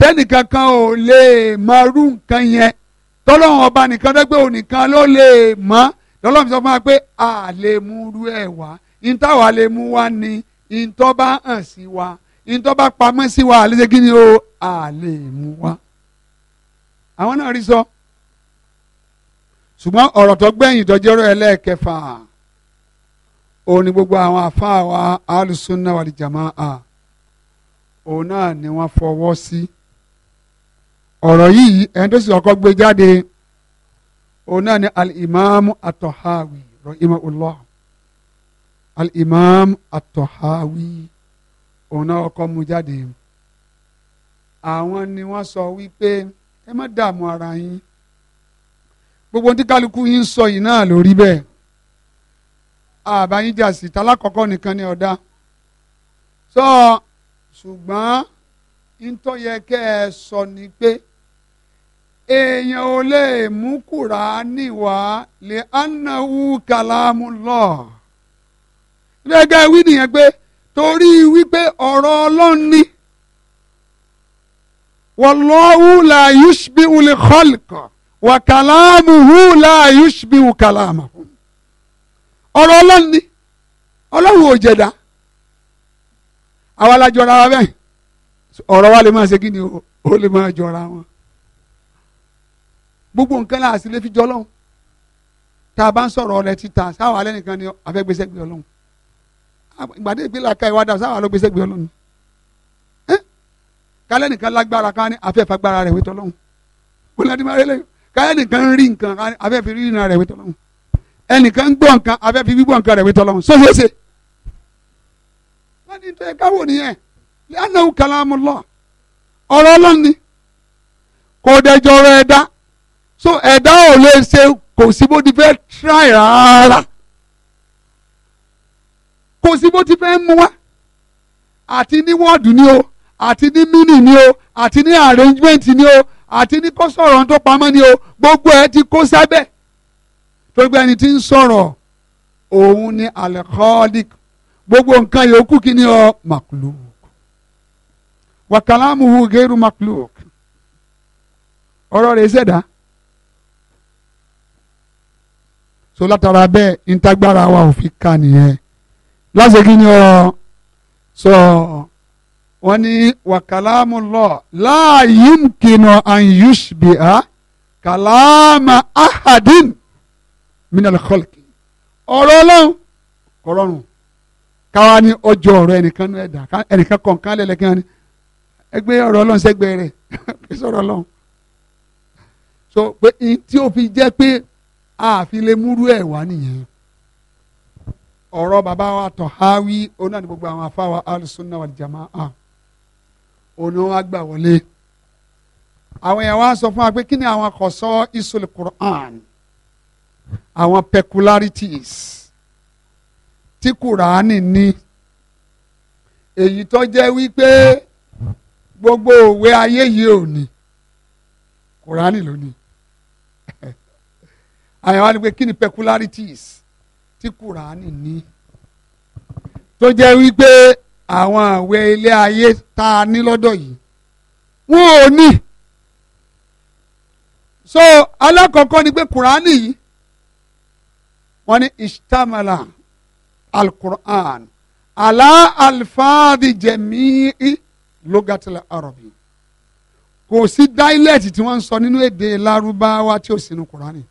tẹ́nìkankan ò lè mọ irú nǹkan yẹn tọ́lọ́run ọba nìkan dẹ́gbẹ́ onìkan ló lè mọ̀ tọ́lọ́run sọ fún wa pé a lè mú irú ẹ̀ wá ní táwa lè mú wá ni ìtọ́ bá hàn sí wa ìtọ́ bá pamọ́ sí wa àlejò kí ni ó à lè mú wa. àwọn náà rí sọ ṣùgbọ́n ọ̀rọ̀ tó gbẹ̀yìn tó jẹ́rọ ẹlẹ́ẹ̀kẹfà òun ni gbogbo àwọn àfáà wa alùsùnà wàlì jàmáà òun náà ni wọ́n fọwọ́ sí ọ̀rọ̀ yìí ẹni tó sì kọ́kọ́ gbé jáde òun náà ni al-imam atọ́háwì rahimahullah al-imam at-Tahawi òun náà kọ́ mu jáde àwọn ni wọ́n sọ wípé ẹ má dààmú ara yín gbogbo tí kálukú yín sọ yìí náà ló rí bẹ́ẹ̀ àbáyín jà sí talákọ̀ọ́kọ́ nìkan ni ọ̀dà sọ ṣùgbọ́n ntọ́ yẹ kẹ́ ẹ sọ ni pé èèyàn ò lè mú Kùránì wá lè ánáwó kàlámù lọ́ọ̀ gẹ́gẹ́ wí nìyẹn pé torí wípé ọ̀rọ̀ ọlọ́run ni wallahu la yushbi'u li khalqa wa kalamuhu la yushbi'u kalamahu ọ̀rọ̀ ọlọ́run ni ọlọ́run ò jẹ̀dá àwa la jọra wa bẹ́ẹ̀ ọ̀rọ̀ wa lè máa ṣe kí ni ó lè máa jọra wọn gbogbo nǹkan láàṣì lè fi tá a bá ń sọ̀rọ̀ ọ̀rẹ́ títa sáwọn alẹ́ nìkan ni afẹ́gbẹ́sẹ́gbẹ́ ọlọ́run ìgbàdé ìpínlẹ̀ aka ìwádà sáwà ló gbèsè gbé ọlọ́run kálẹ̀ nìkan lágbára kan ní afẹ́fà gbára rẹ̀ wẹ́tọ́ lọ́hùn kóládìmárẹ́lẹ́ kálẹ̀ nìkan rí nǹkan kan ní afẹ́fà rí nǹkan rẹ̀ wẹ́tọ́ lọ́hùn ẹnìkan gbọ́ nǹkan afẹ́fà gbígbọ́ nǹkan rẹ̀ wẹ́tọ́ lọ́hùn sọ́sọ́sẹ́ wọ́n ti tẹ káwọ́ nìyẹn lẹ́nu kàlámù lọ ọ̀rọ̀ ọlọ́run ni kò dẹjọ́ rẹ̀ ẹ̀dá so ẹ̀dá ò lè ṣe kò síbó ti fẹ́ tíráì rárá kò sí bó ti fẹ́ mú wá àti ní wọ́ọ̀dù ni o àti ní mínì ni o àti ní arrangement ni o àti ní kó sọ̀rọ̀ tó pamọ́ ni o gbogbo ẹ ti kó sábẹ́ gbogbo ẹni tí ń sọ̀rọ̀ òun ni alcoholic gbogbo nǹkan yòókù kí ni ọ makluk wakalamu geru makluk ọ̀rọ̀ rẹ̀ ṣẹ̀dá so látara bẹ́ẹ̀ intagbára wa ò fi ka nìyẹn láti kí ni ọ sọ wọn ní wà kàlámù lọ la yumkinu an yushbiha kàlámà ahadin minal khalqi ọ̀rọ̀ ọlọ́run kọ̀rọ̀rùn káwa ní ọjọ́ ọ̀rọ̀ ẹnìkan ní ẹ̀dá ẹnìkan kọ̀ọ̀kan lẹ́lẹ́kan ní ẹgbẹ́ ọ̀rọ̀ ọlọ́run sẹ́gbẹ́ rẹ̀ kí sọ̀rọ̀ ọlọ́run so pé tí ó fi jẹ́ pé àfi lè múrú ẹ̀ wá nìyẹn ọ̀rọ̀ bàbá wa Tahawi oná ní gbogbo àwọn afáwa alùsùnà wal jamaa òní wọn gbà wọlé àwọn èèyàn wa sọ fún wa pé kí ni àwọn kọ̀sọ́ isul Qur'an àwọn peculiarities tí Kùránì ní èyí tó jẹ́ wípé gbogbo òwe ayé yìí ò ní Kùránì ló ní àyàn wa ni pé kí ni peculiarities tí kùránì ní tó jẹ́ wípé àwọn àwẹ̀ ilé ayé tá a ní lọ́dọ̀ yìí wọn ò ní so alákọ̀ọ́kọ́ ni pé kùránì yìí wọ́n ní istamala alukur'an ala alfaadi jẹ̀mí logatila arabi kò sí dáílẹ̀tì tí wọ́n ń sọ nínú èdè lárúbáwá tí ò sínú kùránì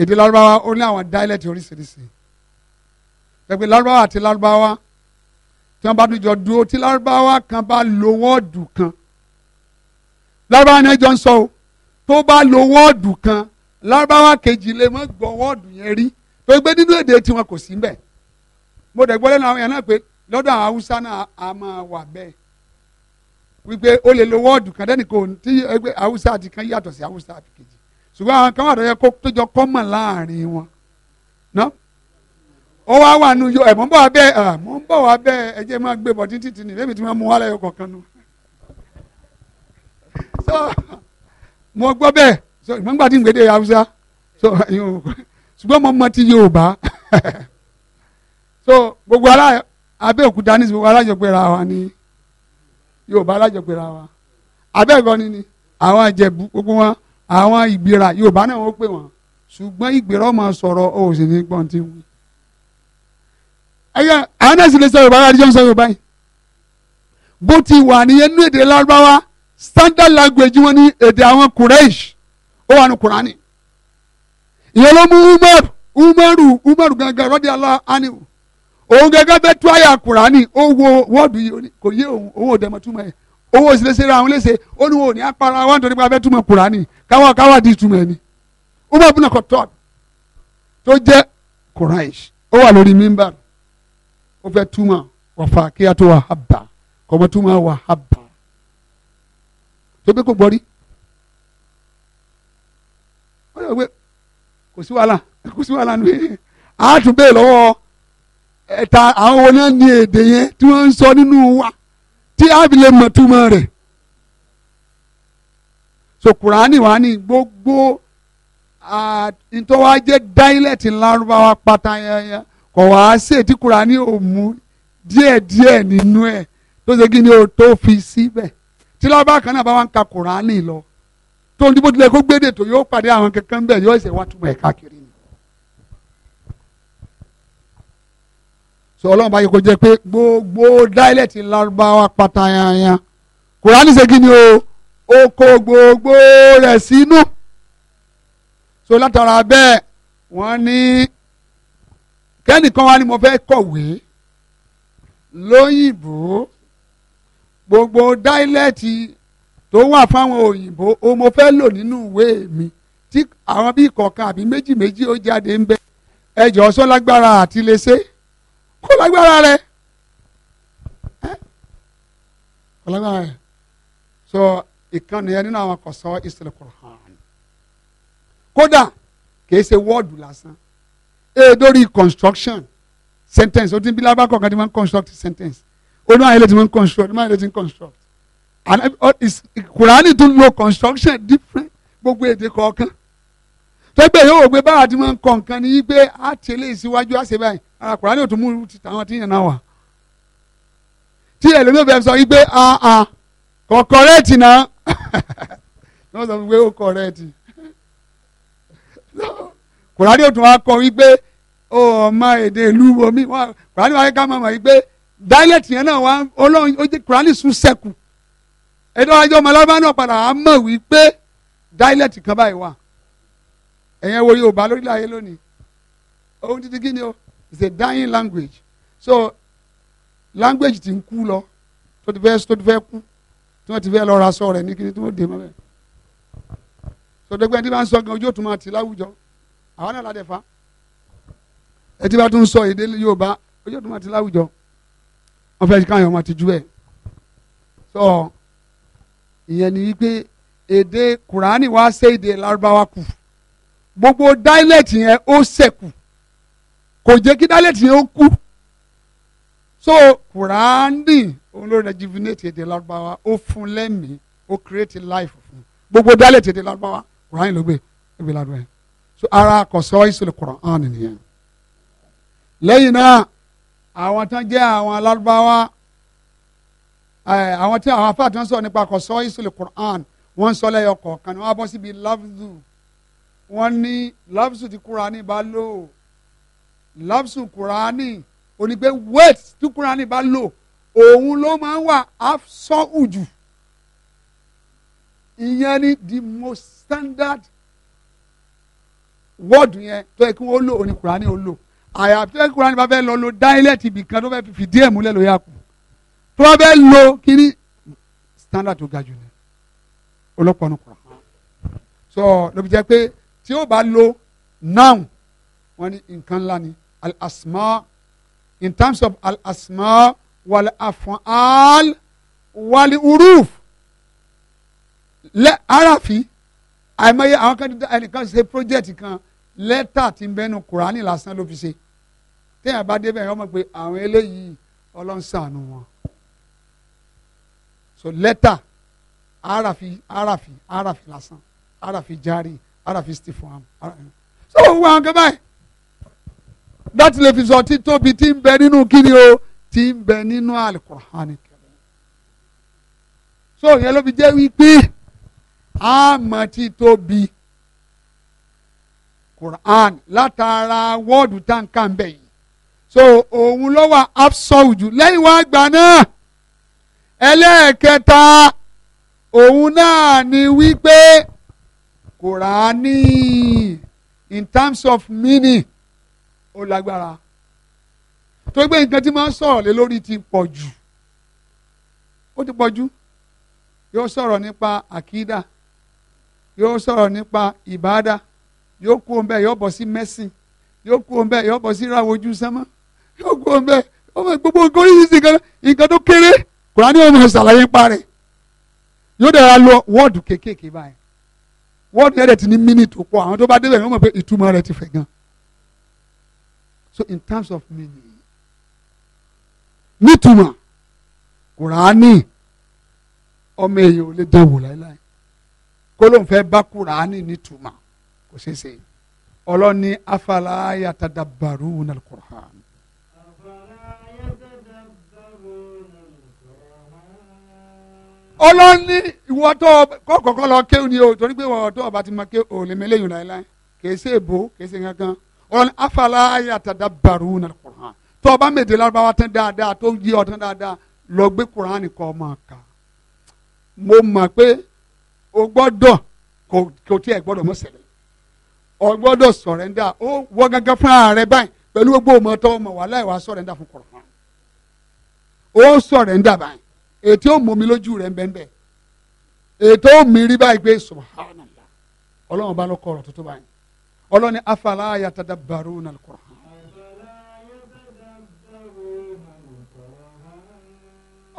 èdè lárúbáwá ó ní àwọn dialect oríṣiríṣi pẹ̀pẹ́ lárúbáwá àti lárúbáwá tí wọ́n bá tún jọ dúró tí lárúbáwá kan bá lo wọ́ọ̀dù kan lárúbáwá náà jọ ń sọ o tó bá lo wọ́ọ̀dù kan lárúbáwá kejì lè mọ́ gbọ́ wọ́ọ̀dù yẹn rí tó gbé nínú èdè tiwọn kò sí mbẹ̀ mo dẹ̀ gbọ́ lẹ́nu àwọn yẹn náà pé lọ́dọ̀ àwọn haúsá náà a máa wà bẹ́ẹ̀ wípé o lè lo wọ́ọ̀dù kan dẹ́nìkan tí haúsá àti kan yàtọ̀ sí haúsá àti kejì ṣùgbọ́n àwọn kan wà tó yẹ kó tó jọ kọ́mọ̀ láàrin wọn ná ó wá wà nù yọ ẹ̀mọ́ ń bọ̀ wá bẹ́ẹ̀ mọ́ bọ̀ wá bẹ́ẹ̀ ẹ̀jẹ̀ máa gbé bọ̀ títí tì ní lẹ́bi tí wọ́n mú wá lẹ́yọ kọ̀ọ̀kan nù so mo gbọ́ bẹ́ẹ̀ so ìmọ̀ nígbà tí ń gbédè Haúsá so ṣùgbọ́n mo mọ ti Yorùbá so gbogbo ará Abẹ́òkúta ní gbogbo alájọpẹ̀ra wa ní Yorùbá alájọpẹ̀ra wa abẹ́ẹ̀kọ́ ni ni àwọn àjẹ̀bú gbogbo wọn àwọn ìgbéra yorùbá náà wọ́n pè wọ́n ṣùgbọ́n ìgbéra ọmọ sọ̀rọ̀ ó sì ní gbọ́n tí wù. ẹyẹ àwọn náà sì lè sọ yorùbá yàrá ìjọba sọ yorùbá yìí bó ti wà nìyẹn nínú èdè lárúbáwá standard language wọn ní èdè àwọn kureish ó wà ní kurani ìyẹn ló mú umaru umaru umaru gangan rọ́dí aláàánú òun gẹ́gẹ́ bẹ́ẹ̀ tó àyà kurani ó wo wọ́ọ̀dù yìí kò yé òun òun ò dẹ̀mọ́túmọ̀ yẹn owó sì lè ṣe ra àwọn léṣe ó ní wọn ò ní apara wọn nítorí pé abẹ́ túmọ̀ kùránì káwọ́ káwọ́ di túmọ̀ ẹni Umar bin Khattab tó jẹ́ Quraish ó wà lórí mímbà ó fẹ́ túmọ̀ wàfà kí a tó wà hàbà kọ́mọ túmọ̀ wà hàbà tó gbé kò gbọ́ rí wọ́n yọ kò sí wàhálà kò sí wàhálà nìyẹn àá tún bẹ́ẹ̀ lọ́wọ́ ẹ̀ta àwọn wo ni ní èdè yẹn tí wọ́n ń sọ nínú wa tí a fi lè mọ̀ túmọ̀ rẹ̀ so kùránì wà ní gbogbo ntọ́wájẹ́ dáílẹ̀tì lárúbáwá pátá yẹnyẹn kò wá sí ètí kùránì ò mú díẹ̀díẹ̀ nínú ẹ̀ tó ṣe kí ni o tó fi síbẹ̀ tí lọ́ba kan náà bá wà ń ka kùránì lọ tó ń dìbò tilẹ̀ kó gbédè tó yóò pàdé àwọn kankan bẹ́ẹ̀ yóò ṣe wá túmọ̀ ẹ̀ káàkiri so ọlọ́run bá yẹ kó jẹ́ pé gbogbo dáílẹ̀tì lárúbáwá pátá yanyan kùránì ṣe kí ni o ó kó gbogbo rẹ̀ sínú so látara bẹ́ẹ̀ wọ́n ní kẹ́nìkan wá ní mo fẹ́ kọ̀wé lóyìnbó gbogbo dáílẹ̀tì tó wà fáwọn òyìnbó o mo fẹ́ lò nínú ìwé mi tí àwọn bíi kọ̀ọ̀kan àbí méjì méjì ó jáde ń bẹ ẹjọ́ sọ́lágbára àti lè ṣe é kó lágbára rẹ kó lágbára rẹ so ìkànnì yẹn nínú àwọn akọ̀sọ́ ìsìlẹ̀ kùrán kódà kìí ṣe wọ́ọ̀dù lásán èdórí construction sentence ó ti ń bí lábá kọ̀ọ̀kan tí wọ́n ń construct sentence onú àyẹ̀lẹ̀ tí wọ́n ń construct onú àyẹ̀lẹ̀ tí wọ́n ń construct and kùránì tún lo construction different gbogbo èdè kọ̀ọ̀kan tó gbé yóò gbé báwa tí wọ́n ń kọ̀ nǹkan ní yí pé ìsíwájú á báyìí Kùránì ah, òtún mú àwọn tí yẹn náà wà. tí ẹlòmíràn bẹ̀rẹ̀ sọ wípé ah, ah, kò kọ̀rẹ́ẹ̀tì náà wọ́n sọ wípé ó kọ̀rẹ́ẹ̀tì. Kùránì òtún wa kọ wípé ó ọmọ èdè ìlú omi Kùránì wa ká mọ̀ wípé dáílẹ̀tì yẹn náà wà ọlọ́run ó jẹ́ Kùránì sùn sẹ́kù ẹ̀dọ́ ajọ́ ọmọ alábá náà padà á mọ̀ wípé dáílẹ̀tì kan báyìí wà ẹ̀yẹn wo Yorùbá lórílẹ̀ ayé lónìí ohun títí kí ni o it's a dying language so language ti ń kú lọ tó ti fẹ́ tó ti fẹ́ kú tí wọ́n ti fẹ́ lọ ra sọ rẹ̀ ní kiri tí wọ́n dé mọ́lẹ̀ sọdọ́gbẹ́ tí wọ́n sọ gan ojú òtún máa ti láwùjọ àwọn náà ládẹ́ fa ẹtí bá tún sọ èdè Yorùbá ojú òtún máa ti láwùjọ wọ́n fẹ́ káyọ̀ ọmọ ti jú ẹ̀ sọ ìyẹn ni wípé èdè Kùránì wá ṣe èdè Lárúbáwá kù gbogbo dialect yẹn ó ṣẹ̀kù kò jẹ́ kí dálẹ́tì yẹn ó kú so kùránì òun ló rejuvenate èdè lárúbáwá ó fún lẹ́mìí ó create life fún gbogbo dálẹ́tì èdè lárúbáwá kùránì ló gbé ẹgbẹ́ ládùn ẹ̀ so ara kọ̀sọ́ ìṣòro kùránì nìyẹn lẹ́yìn náà àwọn tán jẹ́ àwọn lárúbáwá àwọn tí àwọn afáàtì wọn sọ nípa kọ̀sọ́ ìṣòro kùránì wọ́n sọ lẹ́yọ̀ kọ̀ọ̀kan ni wọ́n á bọ́ síbi láfùzù wọ́n ní láfùzù ti kúra ní ìbálòó lapsu kurani òní pé wait tí kurani bá lò òun ló máa ń wà afsọ́hù ìyẹn ni the most standard word yẹn tó yẹ kí wọ́n lò òní kurani ó lò àyàfi tí kurani bá fẹ́ lọ lo dáílẹ̀tì ibìkan tó fẹ́ fìdí ẹ̀ múlẹ̀ lóyà kù tó bá fẹ́ lo kíní standard tó ga jù ni ọlọ́pàá ọ̀nà kura so ló fi jẹ́ pé tí ó bá lo noun wọ́n ní nǹkan ńlá ni al in terms of al-asma wal af'al wal uruf lẹ́ arafi àìmọye àwọn kan ẹnìkan ṣe project kan lẹ́tà tí ń bẹ́nu kùránì lásán ló fi ṣe téèyàn bá débẹ̀ yọ mọ̀ pé àwọn eléyìí ọlọ́run wọn so lẹ́tà arafi arafi arafi lásán arafi jari arafi stephen so wọ́n wọ́n àwọn kan báyìí láti lè fi sọ títóbi tí ń bẹ nínú kíni o tí ń bẹ nínú alukur'ani so yẹn ló fi jẹ́ wípé a mọ̀ títóbi Quran látara wọ́ọ̀dù táǹkà ń bẹ yìí so òun ló wà absolu jù lẹ́yìn wá gbà náà ẹlẹ́ẹ̀kẹta òun náà ni wípé Quran in terms of meaning ó lágbára torí pé nǹkan tí máa ń sọ̀rọ̀ lé lórí ti pọ̀ jù ó ti pọ̀ jù yóò sọ̀rọ̀ nípa àkídà yóò sọ̀rọ̀ nípa ìbáàdà yóò kú òun bẹ́ẹ̀ yóò bọ̀ sí mẹ́sìn yóò kú òun bẹ́ẹ̀ yóò bọ̀ sí ìràwọ̀jú sánmọ́ yóò kú òun bẹ́ẹ̀ ó fẹ́ gbogbo nǹkan oríṣiríṣi nǹkan nǹkan tó kéré kùránì òun máa ṣàlàyé nípa rẹ̀ yóò dára lọ wọ́ọ̀dù kéékèèké báyìí wọ́ọ̀dù yẹn dẹ̀ ti ní mínítì tó pọ̀ àwọn tó bá débẹ̀ yóò mọ̀ pé ìtumọ̀ rẹ̀ ti fẹ̀ gan-an So in terms of meaning, nítumọ̀ kùránì ọmọ èèyàn ò lè dánwò láéláé kó ló ń fẹ́ bá kùránì nítumọ̀ kò ṣeé ṣe ọlọ́ni afala yatadabbaruna al-Qur'an. ọlọ́ni ìwọ tó kọ́kọ́kọ́ lọ kéwù ni o torí pé ìwọ tó ọba ti mọ kéwù ò lè mẹ́lẹ́yìn láéláé kèé ṣe èbó kèé ṣe kankan wọn afala ayatada baruna kuran tó o bá mèdè lárúbáwá tán dáadáa tó yí ọ tán dáadáa lọ gbé kuran nìkan ọmọ ká mo mọ̀ pé o gbọ́dọ̀ kò tiẹ̀ gbọ́dọ̀ mọ̀ ṣẹlẹ̀ o gbọ́dọ̀ sọ̀rẹ́ndà ó wọ gángan fúnra rẹ báyìí pẹ̀lú gbogbo ọmọ tó ọmọ wà láì wá sọ̀rẹ́ndà fún kuran ó sọ̀rẹ́ndà báyìí ètò òmòmí lójú rẹ bẹ́ẹ̀ ètò òmìnirí báyìí pé subhanallah ọlọ́run bá lọ́kọ̀ ọ̀rọ̀ tuntun báyìí ọlọ́ni afala yatadabbaruna al-Qur'an.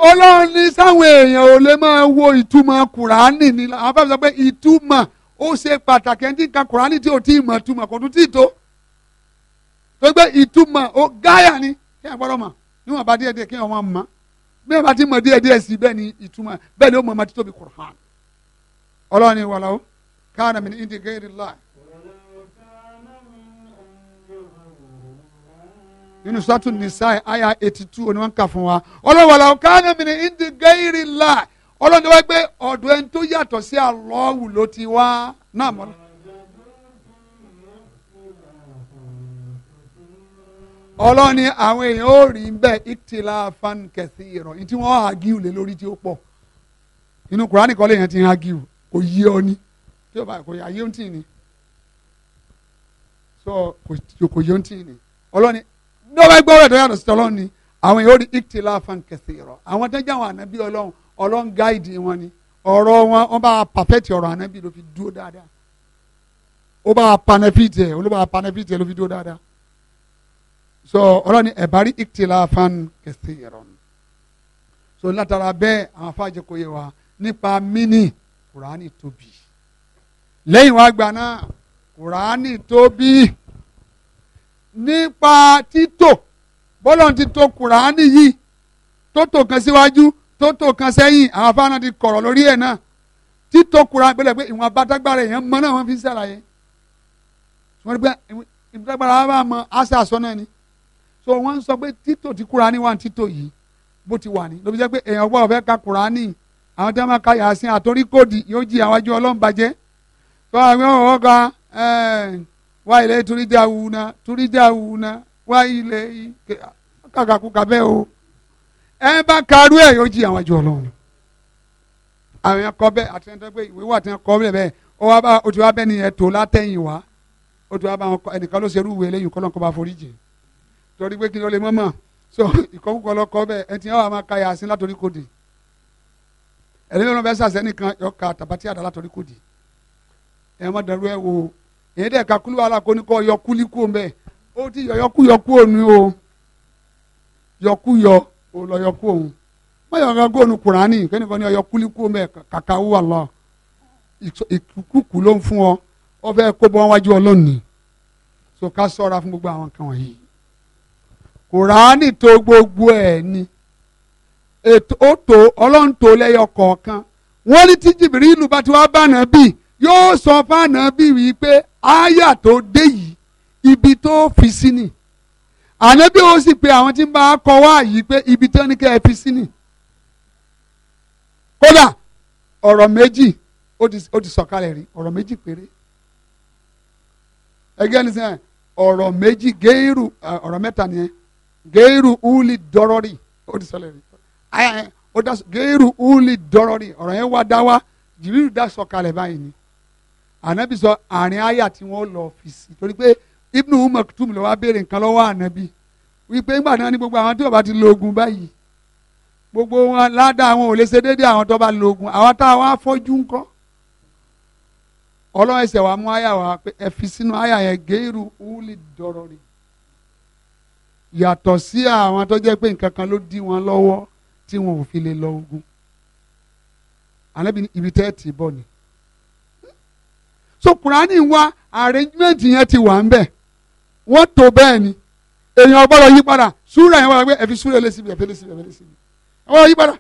ọlọ́ni sáwọn èèyàn ò lè máa wo ìtumọ̀ kùránì ni àwọn bá mi sọ pé ìtumọ̀ ó ṣe pàtàkì ẹni tí ń ka kùránì tí ò tí ì mọ̀ ìtumọ̀ kò tún tí ì tó tó gbé ìtumọ̀ ó gáyà ni kí ẹ̀ gbọ́dọ̀ mọ̀ níwọ̀n bá díẹ̀ díẹ̀ kí ẹ̀ wọ́n mọ̀ bí ẹ̀ bá ti mọ̀ díẹ̀ sí bẹ́ẹ̀ ni ìtumọ̀ bẹ́ẹ̀ ni ó mọ̀ ọmọ títóbi kùránì ọlọ́ni wàlá káàdà mi ní indikéèrè láì nínú sọ́tù nìsáì àyà eighty two ni wọ́n ń kà fún wa ọlọ́wọ́ làwọn káàní mi indi gẹ́rì là ọlọ́ni wá pé ọ̀dọ̀ ẹni tó yàtọ̀ sí àlọ́wù ló ti wá náà mọ́ra. ọlọ́ni àwọn èèyàn ò rí bẹ́ẹ̀ ìtìlá fankẹ̀sì ìrọ̀ ní tí wọ́n àgíw lé lórí tí ó pọ̀ inú kùránì kọ́lé yẹn ti ń kò yé ọ ní tí o bá kò yà yé tì ní so kò yé ń tì ní ọlọ́ni bí wọ́n bá gbọ́ ọ̀rọ̀ tó yàtọ̀ sí tọ́lọ́run ni àwọn yóò rí ìtìlá fankẹsì rọ àwọn tẹ́jà àwọn ànábì ọlọ́run ọlọ́run gáìdì wọn ni ọ̀rọ̀ wọn wọ́n bá pàfẹ́tì ọ̀rọ̀ ànábì ló fi dúró dáadáa ó bá panẹ́fìtì ẹ̀ ó bá panẹ́fìtì ẹ̀ ló fi dúró dáadáa so ọlọ́run ni ẹ̀bá rí ìtìlá fankẹsì rọ so látara bẹ́ẹ̀ àwọn afáàjẹ kò wa nípa mini kùránì tóbi lẹ́yìn wá gbaná kùránì tóbi nípa títò bọ́lọ́n ti tò kùránì yìí tó tò kan síwájú tó tò kan sẹ́yìn àwọn afáàná ti kọ̀rọ̀ lórí ẹ̀ náà títò kùránì gbọ́dọ̀ pé ìwọ̀n abátágbára èèyàn mọ́ náà wọ́n fi ń ṣàlàyé wọ́n rí pé ìbúdágbára wa máa mọ àṣà àṣọ náà ni so wọ́n ń sọ pé títò ti kùránì wà ní títò yìí bó ti wà ní lóbi jẹ́ pé èèyàn gbọ́dọ̀ fẹ́ ka kùránì àwọn tí wọ́n máa ka yàrá sí àtòrí kóòdì yóò jí àwọn ọlọ́mbàjẹ́ tó àwọn ọ̀gá ẹ̀ẹ́ wá ilé torídà wuna torídà wuna wá ilé kàkàkùkà bẹ́ẹ̀ o ẹ e bá karú ẹ̀ e, yóò jí àwọn àjọ ọlọ́run àwọn yẹn kọ bẹ́ẹ̀ àti ẹni tó pé ìwé wà tí wọ́n kọ bẹ́ẹ̀ bẹ́ẹ̀ ó wá bá otu wá bẹ́ẹ̀ nìyẹn tó látẹ̀yìn wá otu wá bá wọn kọ ẹnìkan ló ṣerú ìwé eléyìí kọ́lọ́n kó bá forí jì torí pé kí ló lè mọ́ mọ́ so ìkọ́kùkọ́ lọ kọ bẹ́ẹ̀ ẹ ti yẹn wà máa ka yàsín látòrí kòdì ẹ̀rẹ́ mi ló ń bẹ́ sàṣẹ́ nìkan yọ ka tàbátí àdá látòrí kòdì ẹ̀ má dàrú ẹ̀ wò èyí dẹ̀ ka kúlú wàhálà kó ní kọ́ yọ kúlí kú mbẹ́ ó ti yọ yọkú yọ kú òun o yọkú yọ ò lọ yọ kú òun má yọ ọ̀gá góònù kùránì kẹ́nìkan ní ọyọ kú mbẹ́ kàkà wù wà ìkúkú ló ń fún ọ ọ kó bọ́ wájú ọlọ́ọ̀nì so ká sọ́ra fún gbogbo àwọn kan wọ̀nyí kùránì tó gbogbo ẹ̀ ni ètò ó tó ọlọ́run tó lẹ́yọ kọ̀ọ̀kan wọ́n ní tí jìbìrì ìlú bá ti wá bá nàbì yóò sọ fáànàbì wípé Aya tó dé yìí ibi tó fi sí ni ànábì ó sì pé àwọn tí ń bá kọ wá yìí pé ibi tó ní kẹ́ ẹ fi sí ni kódà ọ̀rọ̀ méjì ó ti sọ̀kalẹ̀ rí ọ̀rọ̀ méjì péré ẹgbẹ́ ní sẹ́yìn ọ̀rọ̀ méjì géèrú ọ̀rọ̀ mẹ́ta nìyẹn géèrú húlì dọ́rọ́rì ó ti sọ̀kalẹ̀ rí géèrú húlì dọ́rọ́rì ọ̀rọ̀ yẹn wá dá wá jìbìrì dá sọ̀kalẹ̀ báyìí ni ànábì sọ àárín àyà tí wọ́n lọ fi sí torí pé ibnu maktum ló wá béèrè nǹkan lọ́wọ́ ànábì wípé ńgbà náà ni gbogbo àwọn tí wọ́n bá ti lo oògùn báyìí gbogbo wọn ládàá àwọn ò lè ṣe déédéé àwọn tó bá lo oògùn àwọn tá a wá fọ́jú ńkọ́ ọlọ́run ẹsẹ̀ wa mú àyà wa pé ẹ fi sínú àyà yẹn géèrú húlì dọ̀rọ̀ rè yàtọ̀ sí àwọn tó jẹ́ pé nǹkan kan ló dí wọn lọ́wọ́ tí wọn ò fi lè lọ ogun ànábì ibi tẹ́ bọ̀ ni so kùránì wa arrangement yẹn ti wà ń bẹ̀ wọ́n tó bẹ́ẹ̀ ni èèyàn gbọ́dọ̀ yí padà súrà yẹn wà pé ẹ̀fi súrà lé síbi ẹ̀fi lé síbi ẹ̀fi lé síbi ọwọ́ yí padà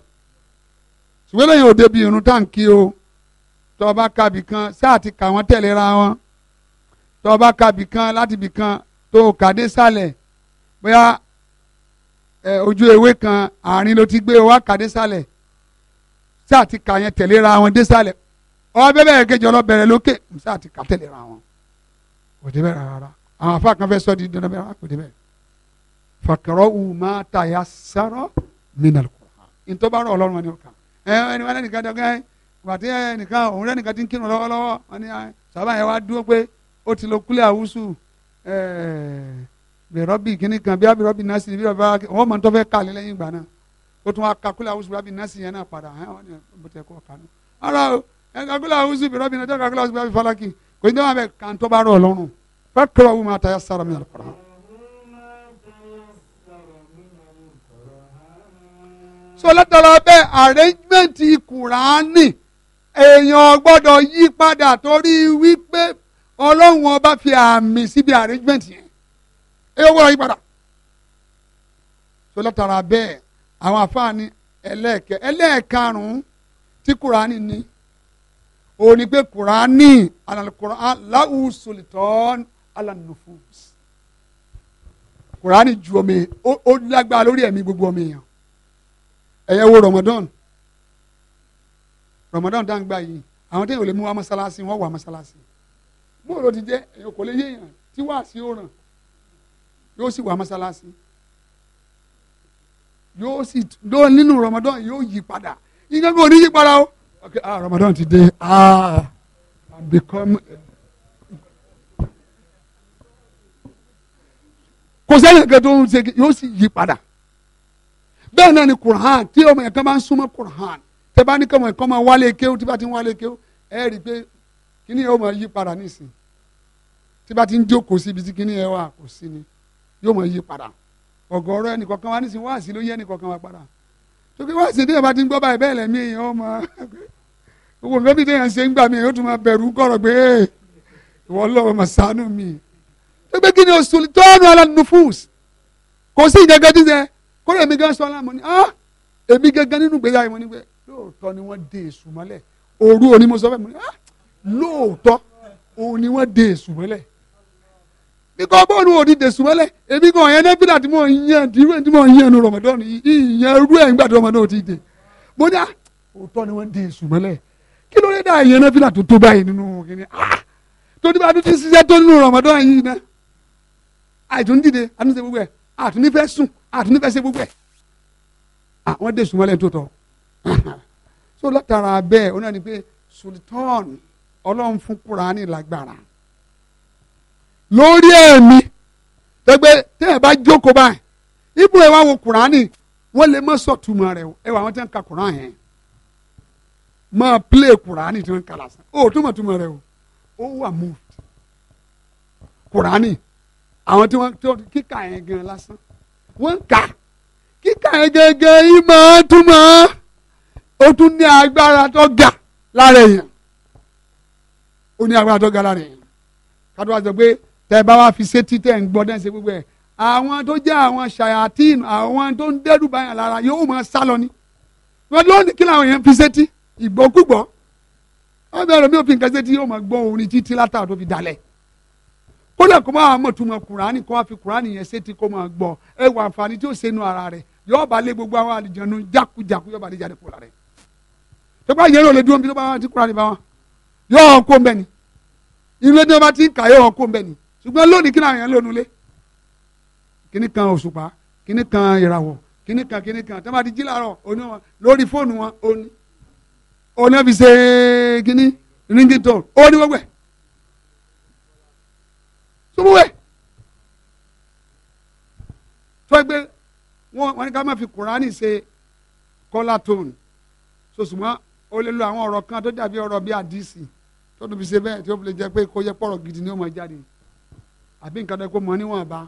ṣùgbọ́n lẹ́yìn òde bíi irun táǹkì o tọba kabì kan sáà ti kà wọ́n tẹ̀léra wọn tọba kabì kan láti bì kan tó kàdé sálẹ̀ bóyá ẹ ojú ewé kan àárín ló ti gbé wa kàdé sálẹ̀ sáà ti kà yẹn tẹ̀léra wọn dé sálẹ̀ ọbẹ̀ bẹ́ẹ̀ kejì ọlọ́bẹ̀rẹ̀ lókè musa àti kàtẹ́lẹ̀ ra wọn kò dé bẹ́ẹ̀ rárá àwọn afa kan fẹ́ sọ di dandan bẹ́ẹ̀ kò dé bẹ́ẹ̀ fàkàrọ̀ wù má ta ya sárọ̀ ntọ́ba rọ̀ ọlọ́run wọn ni ó kà ẹ ẹni wọn nìkan dọ́gẹ́ ẹ ẹ nìkan òun rẹ nìkan ti ń kírun lọ́wọ́lọ́wọ́ wọn ni sábà yẹn wá dúró pé ó ti lọ kúlẹ̀ àwùsù ẹ bẹ̀rọ̀bì kìnnì kan bí abirọ̀bì náà sì bí ọba wọn mọ̀ ntọ́fẹ́ kàlẹ́ lẹ́yìn ìgbà náà ó tún wá kakúlẹ̀ àwùsù bí abirọ̀bì náà sì yẹn náà padà ẹ wọn ni bó tẹ kọ́ ọ̀kanú kakula awusu bi rọbi nàjà kakula awusu bi falaki kò ní dẹ́wọ́n abẹ kàntó bá rọ ọlọ́run fẹ́ kọ́ra wù má ta yà sára mi àlùkò rán. sọlátara bẹ́ẹ̀ arrangement kùránì èèyàn gbọ́dọ̀ yí padà torí wípé ọlọ́run ọba fi àmì síbi arrangement yẹn èèyàn gbọ́dọ̀ yí padà sọlátara bẹ́ẹ̀ àwọn àfáàní ẹlẹ́ẹ̀kẹ́ ẹlẹ́ẹ̀karùn-ún tí kùránì ní òun ni pé kùránì alàlùkùránì láwùsùlùtọ́n alànùfùs kùránì ju ọmọ yẹn ó lágbára lórí ẹ̀mí gbogbo ọmọ yẹn ẹ̀yẹ wo Ramadan Ramadan dáńgbà yìí àwọn téèyàn lè mú wa mọ́sálásí wọ́n wà mọ́sálásí bóòlù ti jẹ́ èèyàn kò lè yéèyàn tí wàá sí òràn yóò sì wà mọ́sálásí yóò sì nínú Ramadan yóò yí padà ìgbàgbọ́ ò padà o okay ah Ramadan ti dé ah and become. kò sẹ́yìn kan tó ń ṣe yóò sì yí padà bẹ́ẹ̀ náà ni Qur'an tí ọmọ yẹn kan bá ń súnmọ́ Qur'an tẹ bá ní kọ́mọ ẹ̀kọ́ máa wálé kéwù tí bá ti ń wálé kéwù ẹ rí i pé kíní yẹn ó máa yí padà nísìn tí bá ti ń jókòó sí ibi tí kíní yẹn wà kò sí ni yóò máa yí padà ọ̀gọ̀ọ̀rọ̀ ẹnìkọ̀ọ̀kan wa nísìn wá sí ló yẹ ẹnìkọ̀ọ̀kan wa padà tókè wá sí déyàn bá ti ń gbọ́ báyìí bẹ́ẹ̀ lẹ́mí èèyàn ọmọ owó nǹkan bí déyàn ṣe ń gbà mí èèyàn ó tún máa bẹ̀rù kọ̀rọ̀ pé ìwọ lọ́wọ́ mà sánú mi tókè kí ni oṣù tọ́ọ̀nù alánufus kò sí ìgangan dídẹ kó lè mi gan sọ láàmú ni ah èmi gangan nínú ìgbéyàwó mo ní pé lóòótọ́ ni wọ́n dé èṣù mọ́lẹ̀ òru òní mo sọ fẹ́ mo ah lóòótọ́ òun ni wọ́n dé èṣù mọ́lẹ̀ bíkọ́ bọ́ọ̀nù òdi dèsù wẹ́lẹ̀ èmi kan yẹn nẹ́fìlà tí mo yàn tí mo yàn nu rọmọdọ́ọ̀nù ìyẹn rú ẹ̀ ńgbà tí rọmọdọ́ọ̀nù ti dè mo ní à ah, òótọ́ ni wọ́n ń dèsù wẹ́lẹ̀ kí ló dé dá yẹn nẹ́fìlà tó tó báyìí nínú kìnìún ah tó ní bá tó ti ṣiṣẹ́ tó nínú rọmọdọ́ọ̀nù yìí náà àìtún dìde àtúnṣe gbogbo ẹ̀ àtúnífẹ́ sùn àtúnífẹ́ ṣe gbogbo ẹ̀ àwọn dèsù wẹ́lẹ̀ tó tọ̀ so látara bẹ́ẹ̀ ó náà ni sultan ọlọ́run fún kúránì lágbára lórí ẹ̀mí gbẹgbẹ tẹ ẹ bá jókòó báyìí ibú ẹ wá wo kùránì wọn lè má sọtúmọ̀ rẹ̀ ẹ wà wọn tẹ ń ka kùránì yẹn máa play kùránì tí wọn kà lásán ó túmọ̀ túmọ̀ rẹ̀ o ó wà mú kùránì àwọn tí wọn kíkà yẹn gan lásán wọn kà kíkà yẹn gẹ́gẹ́ yìí máa túmọ̀ ó tún ní agbára tó ga lára èèyàn ó ní agbára tó ga lára èèyàn kátó sọ pé tẹ bá wá fi sétí tẹ ń gbọ́ dẹ́nse gbogbo ẹ̀ àwọn tó jẹ́ àwọn ṣayatin àwọn tó ń dẹ́rù báyà lára yóò máa sá lọ ni wọ́n ló ní kí làwọn yẹn fi sétí ìgbọ́kúgbọ́ wọ́n bẹ̀rẹ̀ mi ò fi nǹkan sétí yóò máa gbọ́ orin títí látà tó fi dalẹ̀ kódà kó máa mọ̀ tó mọ̀ kùránì kó máa fi kùránì yẹn sétí kó máa gbọ́ ẹ wà àǹfààní tí ó ṣe nu ara rẹ̀ yóò bá lé gbogbo àwọn àlìjẹnu jákujàku yóò bá lé jáde kúrò rẹ̀ tó yẹn ló lè dúró bí tó bá ti kúránì bá wọn yóò kó mbẹ́ni ìlú ẹni ṣùgbọ́n lónìí kí ni àwọn èèyàn lónìí lé kíní kan òṣùpá kíní kan ìràwọ̀ kíní kan kíní kan tẹ́lẹ̀ bá ti jí làárọ̀ oní wọn lórí fóònù wọn oní oní wọn fi ṣe kíní ringington oní gbogbo ẹ̀ sọ́gbọ́wẹ́ tó wọn ní ká má fi kùránì ṣe kọ́lá tóun sọ̀sùmọ́ ó lè lo àwọn ọ̀rọ̀ kan tó dàbí ọ̀rọ̀ bíi àdìsí tó tóbi ṣe bẹ́ẹ̀ tí ó fi lè jẹ́ pé kó yẹ pọ̀rọ̀ gidi ni ó máa jáde àbí nǹkan tó kó mọ níwọ̀nba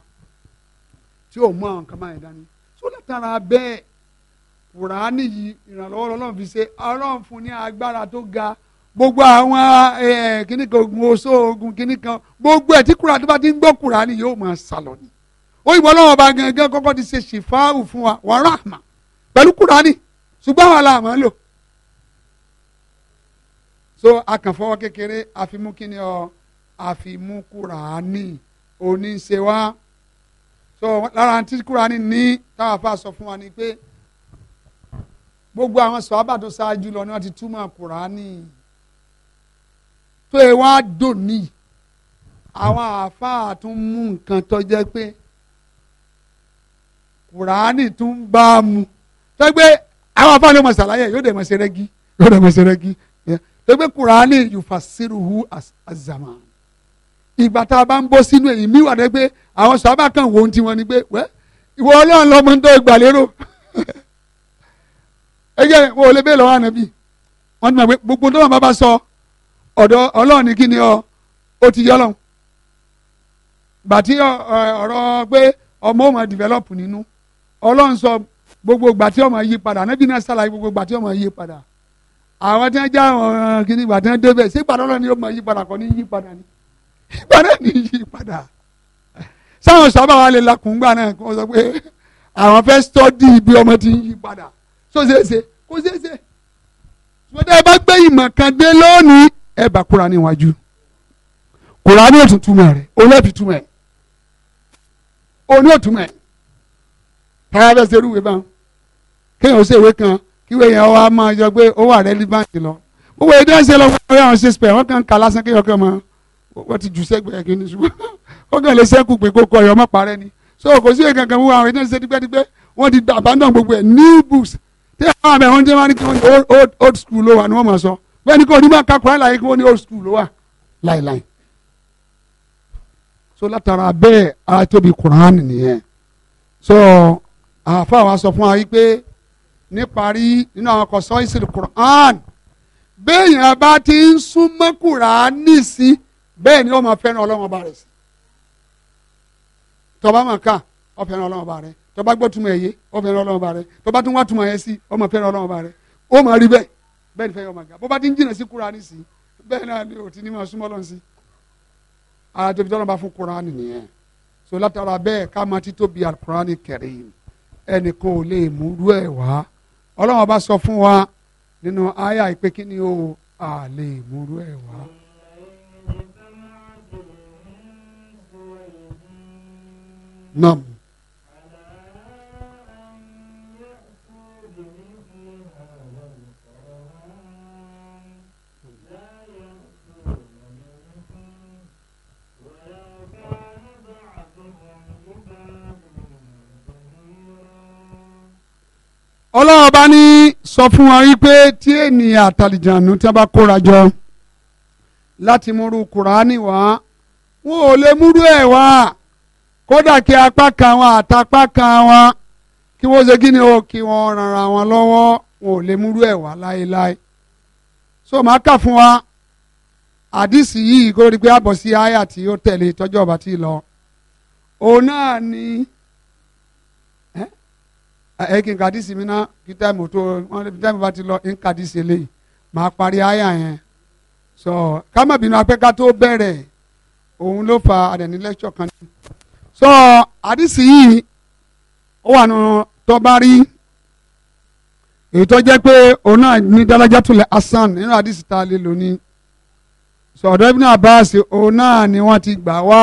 tí ò mú àwọn nǹkan báyìí dání tó látara bẹ́ẹ̀ kùránì yìí ìrànlọ́wọ́ ọlọ́run fi ṣe ọlọ́run fún ní agbára tó ga gbogbo àwọn kíní kan ogun oṣó ogun kíní kan gbogbo ẹ̀ tí kùránì tó bá ti ń gbọ́ kùránì yóò máa sàlọ̀ ni òyìnbó ọlọ́run ọba gangan kọ́kọ́ ti ṣe ṣìfáàwù fún wa wọ́n rà àmà pẹ̀lú kùránì ṣùgbọ́n àwọn làwọn lò so akànfọwọ́ kékeré àfimú kíni ọ àfimú kùránì òní ń ṣe wá so lára tí kúránì ní táwọn afa sọ fún wa ni pé gbogbo àwọn sọ̀hábà tó ṣáájú lọ ni wọ́n ti túmọ̀ kúránì tó ẹ wá dòní àwọn àáfàá tún mú nǹkan tó jẹ́ pé kúránì tún bá a mu tó gbé àwọn àáfàá ló mọ̀ ṣàlàyé yóò dẹ̀ mọ̀ ṣe rẹ́gí yóò dẹ̀ mọ̀ ṣe rẹ́gí tó gbé kúránì yòfà sírùhù àzàmà ìgbà tá a bá ń bọ́ sínú èyí mí wà dẹ́gbẹ́ àwọn sábà kan wo ti wọn ni pé wẹ́ ìwọ ọlọ́run lọ́mọ tó gbà lérò ẹgbẹ́ wọn ò lè bẹ́ẹ̀ lọ́wọ́ ànábì wọn ti mọ̀ pé gbogbo tó wọn bá sọ ọ̀dọ̀ ọlọ́run ní kí ni ọ ó ti yọ lọ́hùn gbàtí ọ̀rọ̀ pé ọmọ òun develop nínú ọlọ́run sọ gbogbo gbàtí ọmọ yí padà ànábì náà ṣàlàyé gbogbo gbàtí ọmọ yí padà àwọn tí wọn já àwọn kìnnìgbà tí wọn débẹ̀ ṣé gbàdọ́ lọ́ni ọmọ yí padà kọ́ ní yí padà ni ìgbà náà ní yí padà sáwọn sábà wà lè lakùn gbà náà kó sọ pé àwọn fẹ́ sọ́dí ibi ọmọ ti ń yí padà tó ṣeéṣe kó ṣeéṣe ṣùgbọ́n ẹ bá gbé ìmọ̀ kan dé lónìí ẹ bá kúra níwájú kúra ní òtún túmọ̀ rẹ̀ olóòtú túmọ̀ ẹ̀ òní òtún mọ̀ ẹ̀ tára fẹ́ ṣe irúwé bá kéèyàn ó ṣèwé kan kíwé yẹn wá máa jọ pé ó wà relevant lọ gbogbo ẹ̀dá ṣe lọ ṣe spẹ̀ wọ́n kàn ká lásán kéèyàn kàn máa wọ́n ti jù sẹ́gbẹ̀ẹ́ kí ni ṣùgbọ́n ó gàn lè sẹ́kù pé kó kọ ẹ̀yọ́ má parẹ́ ni so kò sí èèyàn kankan wọn àwọn èèyàn ṣe tipẹ́tipẹ́ wọ́n ti abandon gbogbo ẹ̀ new books tí àwọn àmì àwọn jẹ́ wọn ní kí wọ́n ní old old school ló wà ni wọ́n máa sọ bẹ́ẹ̀ ni kò ní máa kakura láyé kí wọ́n ní old school ló wà láìláì so látara bẹ́ẹ̀ a tóbi Quran nìyẹn so àfa wa sọ fún wa wípé níparí nínú àwọn kọ̀sọ́ ìsìn Quran bẹ́ẹ̀ yẹn bá ti ń súnmọ́ Quran nìsín bẹ́ẹ̀ ni ó máa fẹ́ràn ọlọ́run ọba rẹ̀ sí tọba máa kà ó fẹ́ràn ọlọ́run ọba rẹ̀ tọba gbọ́ túmọ̀ ẹ̀yẹ ó fẹ́ràn ọlọ́run ọba rẹ̀ tọba tún wá túmọ̀ ẹ̀yẹ sí ó máa fẹ́ràn ọlọ́run ọba rẹ̀ ó máa rí bẹ́ẹ̀ bẹ́ẹ̀ ni fẹ́ yọ máa ga bó bá ti ń jìnnà sí kúránì sí bẹ́ẹ̀ náà ni ò ti ní máa súnmọ́ lọ́n sí ara tóbi tọ́lọ́ bá fún kúránì nìyẹn so látara bẹ́ẹ̀ ká máa ti tóbi àkúránì kẹrìm ẹnì kan ò lè mú rú ẹ̀ wá ọlọ́run ọba sọ fún wa nínú àyà ìpè kíni o à lè mú rú ẹ̀ wá. نعم ọlọ́run bá ní sọ fún wọn wípé tí ènìyàn àtàlìjànù tí wọ́n bá kóra jọ láti múru kùránì wá wọn ò lè múru ẹ̀ wá kódà kí kan wọn àtàpá kan wọn kí wọ́n ṣe gíní o kí wọn wọn lọ́wọ́ wọn ò lè múrú ẹ̀ wá láéláé so màá kà fún wa àdìsí yìí kó rí pé àbọ̀ sí àyà tí ó tẹ̀lé tọ́jú ọba lọ òun náà ni ẹ kí n ka àdìsí mi náà kí táìmù lọ ń ka àdìsí eléyìí màá àyà yẹn so ká má tó àdìsí yìí ó wà nù tọ́bárí èyí tó jẹ́ pé òun náà ní dalajatul hasan nínú àdìsí tá a lè lò ní sọ̀dọ̀ Ibn Abbas òun náà ni wọ́n ti gbà wá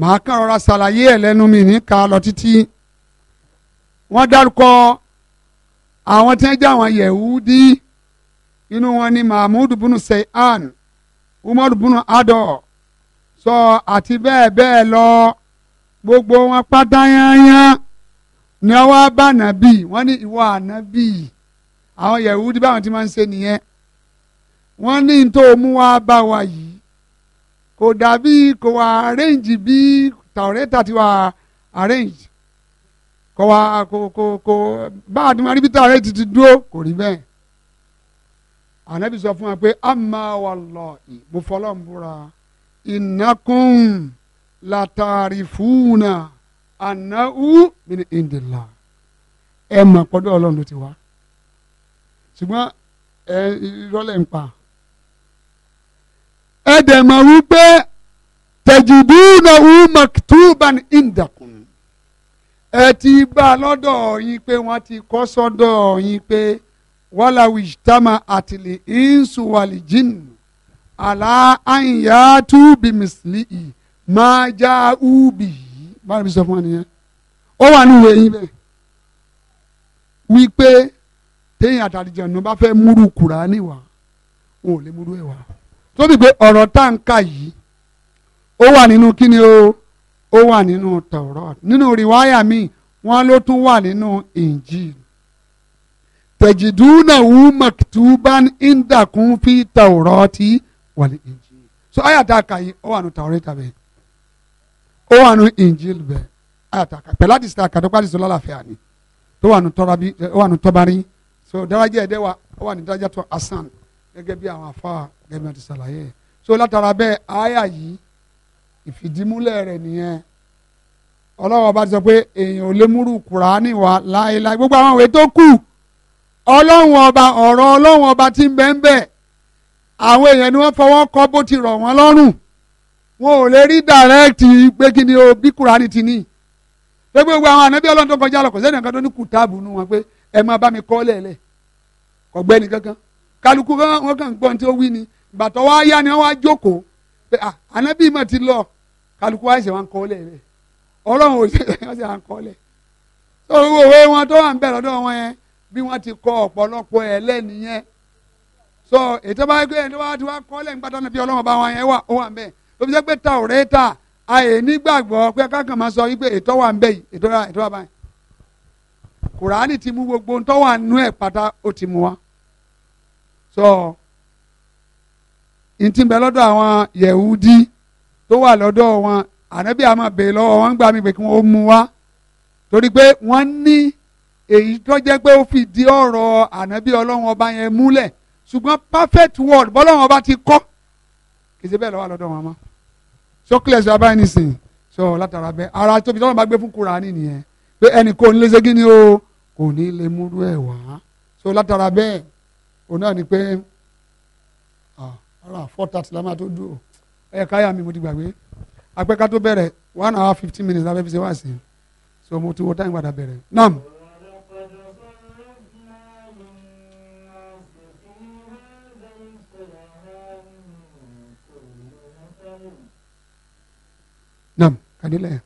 màá kàn rọra ṣàlàyé ẹ̀ lẹ́nu mi ní ká lọ títí wọ́n dárúkọ àwọn tí wọ́n jẹ́ àwọn Yẹ̀húdí inú wọn ni Mahmud bunu Sayan Umar bunu Adọ sọ àti bẹ́ẹ̀ bẹ́ẹ̀ lọ gbogbo wọn pátá yányán ni wọn wá bá nàbì wọn ní ìwọ ànábì àwọn yẹ̀wúdí báwọn ti máa ń ṣe nìyẹn wọn ní tó mú wá bá wa yìí kò dàbí kò wá arrange bí tàwọ̀rẹ́tà ti wá arrange kò wá kò kò kò bá a ti máa rí bí tàwọ̀rẹ́ ti ti dúró kò rí bẹ́ẹ̀ ànábì sọ fún wa pé amma wallahi mo fọlọ́ ń búra ìnákùn látàrífùnà ànáwó min indillah ẹ mọ̀ pọ́dọ̀ ọlọ́run ti wá ṣùgbọ́n ẹ rọ́lẹ̀ ń pa ẹ dẹ̀ mọ̀ wípé tẹ̀jìdúnà wù maktuban indakun ẹ ti bá a lọ́dọ̀ yín pé wọ́n ti kọ́ sọ́dọ̀ yín pé wàlàwìjítàmà àtìlẹ̀ ìnsùwàlìjìnnù àlá àyìnyá tú bí mìsìlì yìí máa já ú bì yìí báyìí bí sọ fún wa nìyẹn ó wà nínú eyín bẹ́ẹ̀ wípé téèyàn àtàlìjẹ̀nu bá fẹ́ múrú Kùránì wá wọn ò lè múrú ẹ̀ wá tó bí pé ọ̀rọ̀ tá à ń yìí ó wà nínú kíni o ó wà nínú Taurat nínú rìwáyà mi wọn ló tún wà nínú Injil tẹ̀jìdúnà wù mọ̀túbán ìndàkùn fi Taurati wàlẹ̀ injil so àyà tá a kà yìí ó wà nù Taurata bẹ́ẹ̀ ó wà nù injil bẹ́ẹ̀ àyà tá a kà pẹ̀lú àdìsí tá a kà tó pàdé sọlá láfẹ́ àní tó wà nù tọ́rabi eh, ó so daraja ẹ̀dẹ́ wa o wà nù daraja tó asan gẹ́gẹ́ bí àwọn afa gẹ́gẹ́ ti ṣàlàyé so látara bẹ́ẹ̀ àyà yìí ìfìdímúlẹ̀ rẹ̀ nìyẹn ọlọ́wọ́ bá ti sọ pé èèyàn ò lè múrù kùránì wá láéláé gbogbo àwọn òwe tó kù ọlọ́run ọba ọ̀rọ̀ ọlọ́run ọba ti ń bẹ́ẹ̀ bẹ́ẹ̀ àwọn èèyàn ni wọ́n fọwọ́ kọ́ bó ti rọ̀ wọ́n lọ́rùn wọn ò lè rí direct pé kí ni o bí Kùránì ti ní pé gbogbo àwọn ànábí Ọlọ́run tó kọjá lọ kò sẹ́ni tó ní kùtàbù nu wọn pé ẹ máa bá mi kọ́ ọ̀gbẹ́ni kankan kálukú wọn kàn gbọ́n tí ó wí ni bàtọ́ wá yá ni ti lọ kálukú ṣe wọn wà ń bẹ̀rẹ̀ wọn yẹn bí wọ́n ti kọ́ ọ̀pọ̀lọpọ̀ so ètò bá gbé ẹni tó bá ti wá kọ́lẹ̀ ń gbàtà níbi ọlọ́run bá wọn yẹn wà ó wà ń bẹ̀ tó fi jẹ́ pé ta ò rẹ́ ta àyè nígbàgbọ́ pé kákan máa sọ wípé ètò wà ń bẹ̀ yìí ètò wà ètò wà báyìí kùránì ti mú gbogbo ń tọ́ wà nú ẹ̀ pátá ó ti mú wa so n ti bẹ lọ́dọ̀ àwọn yẹ̀wúdí tó wà lọ́dọ̀ wọn ànábì àmọ́ bèè lọ́wọ́ wọn gbà mí pé kí wọ́n mú wa torí pé wọ́n ní èyí tó jẹ́ pé ó fi di ọ̀rọ̀ ànábì ọlọ́run ọba yẹn múlẹ̀ ṣùgbọ́n perfect word. bọ́lọ́wọ́n bá ti kọ́ kì í bẹ́ẹ̀ lọ́wọ́ lọ́dọ̀ wọn mọ́ so clear so abáyé nísìnyí so látara bẹ́ẹ̀ ara tóbi tọ́lọ́ máa gbé fún Kùránì nìyẹn pé ẹnì kò ní lè ṣe gíní o kò ní lè múrú ẹ̀ wá so látara bẹ́ẹ̀ òun náà ni pé ara four thirty la máa tó dùn o ẹ̀ káyà mi mo ti gbàgbé apẹ́ká tó bẹ̀rẹ̀ one hour fifteen minutes la fẹ́ fi ṣe wá sí i so mo ti wo táyìn padà bẹ̀rẹ̀ náà. نعم هذه الآية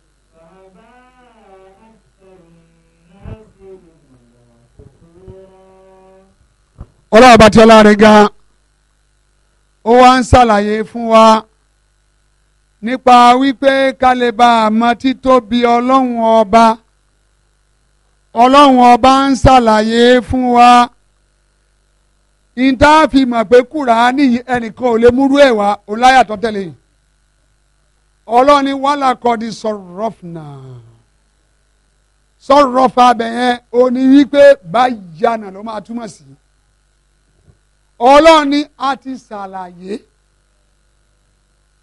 ọlọ́run bá ti ọlọ́run gan ó wá ń ṣàlàyé fún wa nípa wípé kálíbà àmọ́ títóbi ọlọ́run ọba ọlọ́run ọba ń ṣàlàyé fún wa ìta fi mọ̀ pé kúránì ẹnìkan ò lè múrú ẹ̀ wá ọláyàtọ̀ tẹ̀lé yìí ọlọ́ni wàhálà kọ́ni sọ̀rọ̀fnà sọ̀rọ̀fà bẹ̀yẹn òní wípé báyànà ló máa túmọ̀ sí ọlọ́ni a ti ṣàlàyé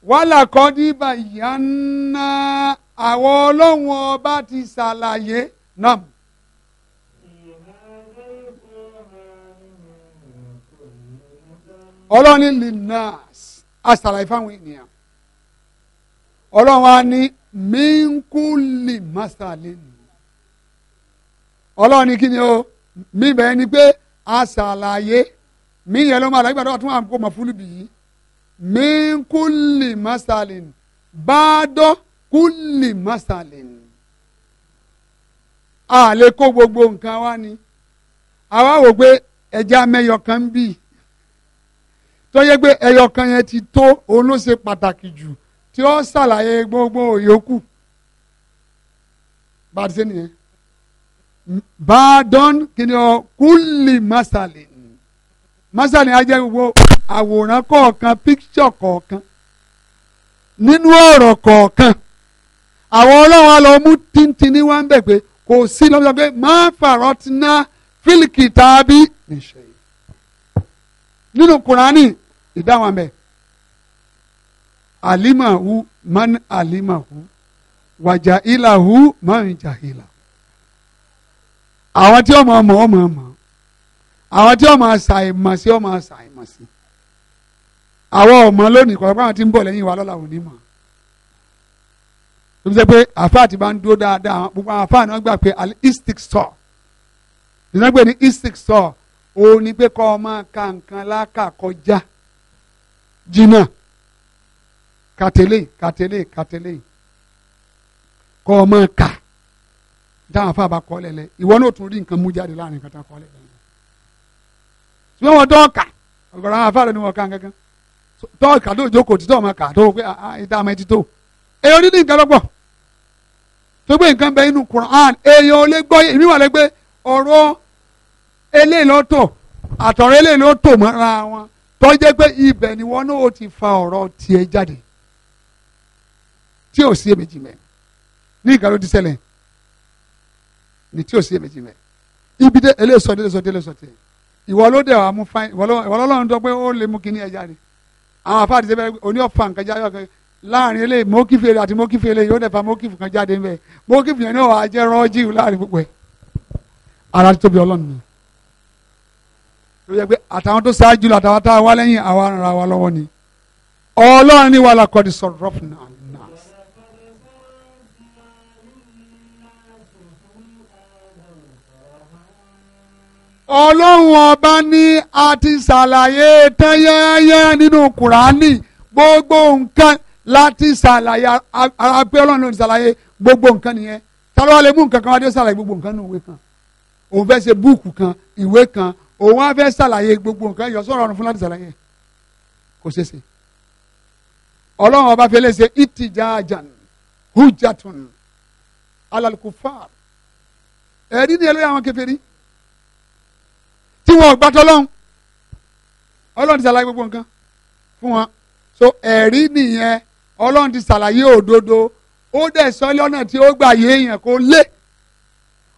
wàhálà kọ́ni báyànà àwọn ọlọ́run ọba ti ṣàlàyé náà. ọlọ́ni lè nà á ṣàlàyé fáwọn ènìyàn ọlọ́run wa ní mínkúlì mọ́sálẹ̀ nù ọlọ́run ní kí ni o mí bẹ́ẹ̀ ni pé àṣàlàyé mí yẹn ló máa lágbàá tó wà tún àmì kò mọ̀ fúlù bìí mínkúlì mọ́sálẹ̀ nù bàdọ́ kúlì mọ́sálẹ̀ nù a lè kó gbogbo nǹkan wá ni àwa wò pé ẹja mẹyọ kan bì tó pé ẹyọ kan yẹn ti tó òun ló ṣe pàtàkì jù tí ó ṣàlàyé gbogbo yòókù bá a ti ṣe nìyẹn bàdán kìnìún kúlì masàlì masàlì á jẹ́ gbogbo àwòrán kọ̀ọ̀kan píkṣọ̀ kọ̀ọ̀kan nínú ọ̀rọ̀ kọ̀ọ̀kan àwọn ọlọ́run á lọ mú tíntín ní wá ń bẹ̀ pé kò sí lọ́wọ́ pé má fàrọ̀ ti ná fílìkì tàbí nínú kùránì ìdáhùn àmẹ́ alimahu man alimahu wàjà man jahila àwọn tí ọmọ ọmọ ọmọ ọmọ àwọn tí ọmọ àṣàìmọ̀ sí ọmọ àṣàìmọ̀ sí àwọn ọmọ lónìí kọ̀ọ̀kan àwọn tí ń bọ̀ lẹ́yìn wa lọ́la òní mọ̀ tó fi ṣe pé àfáà ti bá ń dúró dáadáa gbogbo àwọn àfáà náà gbà pé istik store ìsọgbẹ́ ní istik store òun ni pé kọ́ ọ máa ka nǹkan lákàkọjá jìnnà kàtẹ́lẹ̀ kàtẹ́lẹ̀ kàtẹ́lẹ̀ kọ́ ọ máa kà dáhùn fún àbá kọ́lẹ̀ lẹ ìwọ náà tún rí nǹkan mú jáde láàrin nǹkan tá a kọ́lẹ̀ lẹ. ṣùgbọ́n wọn dọ́ọ̀kà ọ̀gọ̀rọ̀ àwọn afáàrẹ̀ ni wọ́n kàn kankan dọ́ọ̀kà tó ìjókòó títọ́ ọmọ kà tó pé ìta ah, ọmọ ah, ẹ ti tó èèyàn ní nǹkan lọ́pọ̀ tó gbé nǹkan bẹ inú Quran èèyàn ò lè gbọ́ èmi wà lẹ́gbẹ́ ọ̀rọ̀ eléyìí lọ́tọ̀ àtọ̀rọ̀ eléyìí lọ́tọ̀ mọ́ra wọn tó jẹ́ pé ibẹ̀ ni wọn náà ti fa ọ̀rọ̀ tiẹ̀ jáde tí ò sí èméjì mẹ́ ní ìgbà ló ti ṣẹlẹ̀ ní tí ò sí èméjì mẹ́ ibi dé eléso eléso eléso tẹ ìwọ ló dé àwọn amúfáì ìwọ lọ́lọ́run tó pé ó lè mú kíní ẹja rẹ àwọn afáàdì sẹ́fẹ̀ oní ọ̀fà nǹkan jáde ọ̀kan láàrin eléyìí mọ́kìfì eléyìí àti mọ́kìfì eléyìí yóò dẹ̀fà mọ́kìfì kan jáde ńbẹ mọ́kìfì yẹn náà wàá jẹ́ rọ́ọ̀jì láàrin gbogbo ẹ̀ ara tóbi ọlọ́run ni ló yẹ pé àtàwọn tó ṣáájú lọ àtàwọn tá a wá lẹ́yìn àwa ara wa lọ́wọ́ ni ọlọ́run ni wàhálà kọ́ni sọ̀rọ̀ fún wa ọlọ́run ọba ní a ti ṣàlàyé tán yẹ́yẹ́ nínú kùránì gbogbo nǹkan láti ṣàlàyé ara pé ọlọ́run ló ti ṣàlàyé gbogbo nǹkan nìyẹn tálọ́ wa lè mú nǹkan kan wá dé ṣàlàyé gbogbo nǹkan nínú ìwé kan òun fẹ́ ṣe búùkù kan ìwé kan òun á fẹ́ ṣàlàyé gbogbo nǹkan yọ sọ̀rọ̀ ọ̀run fún láti ṣàlàyé kò ṣeé ṣe ọlọ́run ọba fẹ́ lè ṣe ìtìjáàjà hujjatun alalukufa ẹ̀rí ni ẹ lórí àwọn kèfèrí tí wọn ò gbà tọ́lọ́hún ọlọ́run ti ṣàlàyé gbogbo nǹkan fún wọn so ẹ̀rí nìyẹn ọlọ́run ti ṣàlàyé òdodo ó dẹ̀ sọ lọ́nà tí ó gbà yé èèyàn kó lé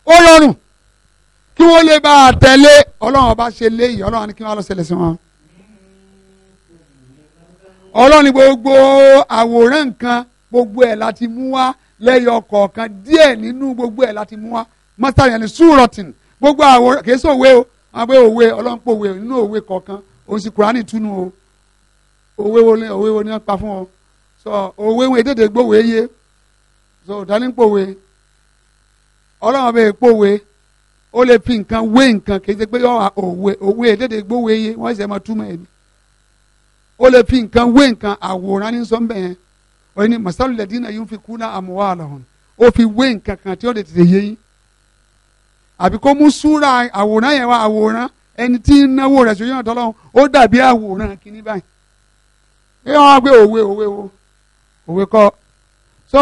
ó rọrùn kí wọ́n lè bá a tẹ̀lé ọlọ́run ọba ṣe lé yìí ọlọ́run ni kí wọ́n lọ ṣẹlẹ̀ sí wọn. ọlọ́run ni gbogbo àwòrán nǹkan gbogbo ẹ̀ láti mú wá lẹ́yọ kọ̀ọ̀kan díẹ̀ nínú gbogbo ẹ̀ láti mú wá mọ́tàlẹ́ni súrọ̀tìn gbogbo àwòrán kìí sòwe o wọn pé òwe ọlọ́run pò òwe nínú òwe kọ̀ọ̀kan òun sì kúránì túnú o òwe wo ni òwe wo ni wọ́n pa fún ọ sọ òwe wọn ètètè gbòwe yé sọ òdání pòwe ọlọ́run bẹ́ẹ̀ pòwe ó lè fi nǹkan wé nǹkan kì í ṣe pé òwe òwe ètètè gbòwe yé wọ́n sì máa túmọ̀ ẹni ó lè fi nǹkan wé nǹkan àwòrán ní sọ́nbẹ̀ yẹn ó ní masalul ladina yunfikuna amwalahum ó fi wé nǹkan kan tí ó lè tètè yé yín àbí kó mú súra àwòrán yẹn wá àwòrán ẹni tí ń náwó rẹ̀ sójú náà tọ́lọ́run ó dàbí àwòrán kínní báyìí ẹ wọn gbé òwe òwe o òwe kọ so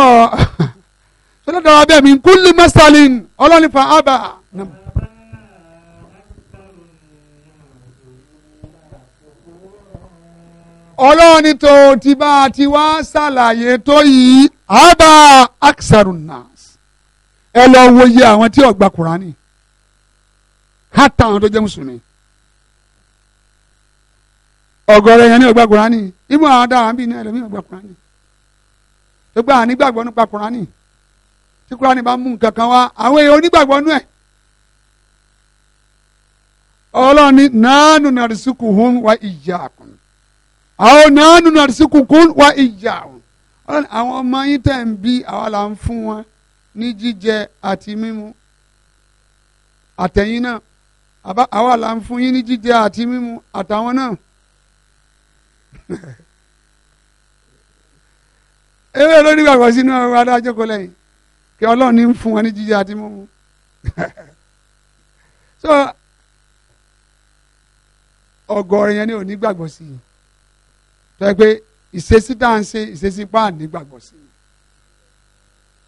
sọlọ́dọ̀ wa mi ń kúlì mọ́sálìn ọlọ́nìfà ábà. ọlọ́ọ̀ni tó ti bá a ti wá ṣàlàyé tó yìí ábà aksarun ẹ lọ wo iye àwọn tí ó gba ká ta àwọn tó jẹ́ mùsùlùmí ọ̀gọ̀rọ̀ yẹn ní ọgbà kùránì ibò àwọn dára bíi ní ẹlòmíì ọgbà kùránì gbogbo àwọn onígbàgbọ́ nípa kùránì tí kùránì bá mú nǹkan kan wá àwọn èèyàn onígbàgbọ́ nú ẹ̀ ọlọ́run ní nánú nàrísìkù hún wá ìyá kùn àwọn nánú nàrísìkù kún wá ìyá kùn ọlọ́run àwọn ọmọ yín tẹ̀ ń bí àwa là ń fún wọn ní jíjẹ àti mímu àtẹ̀yìn náà àwa là ń fún yín ní jíjẹ àti mímu àtàwọn náà eré lórí gbàgbọ́ sínú ọ̀rọ̀ adájọ́ kọ lẹ́yìn kí ọlọ́run ní fún wọn ní jíjẹ àti mímu so ọgọ́rin yẹn ni ò ní gbàgbọ́ sí i tó pé ìṣesí tá à ń ṣe ìṣesí pa à ní gbàgbọ́ sí i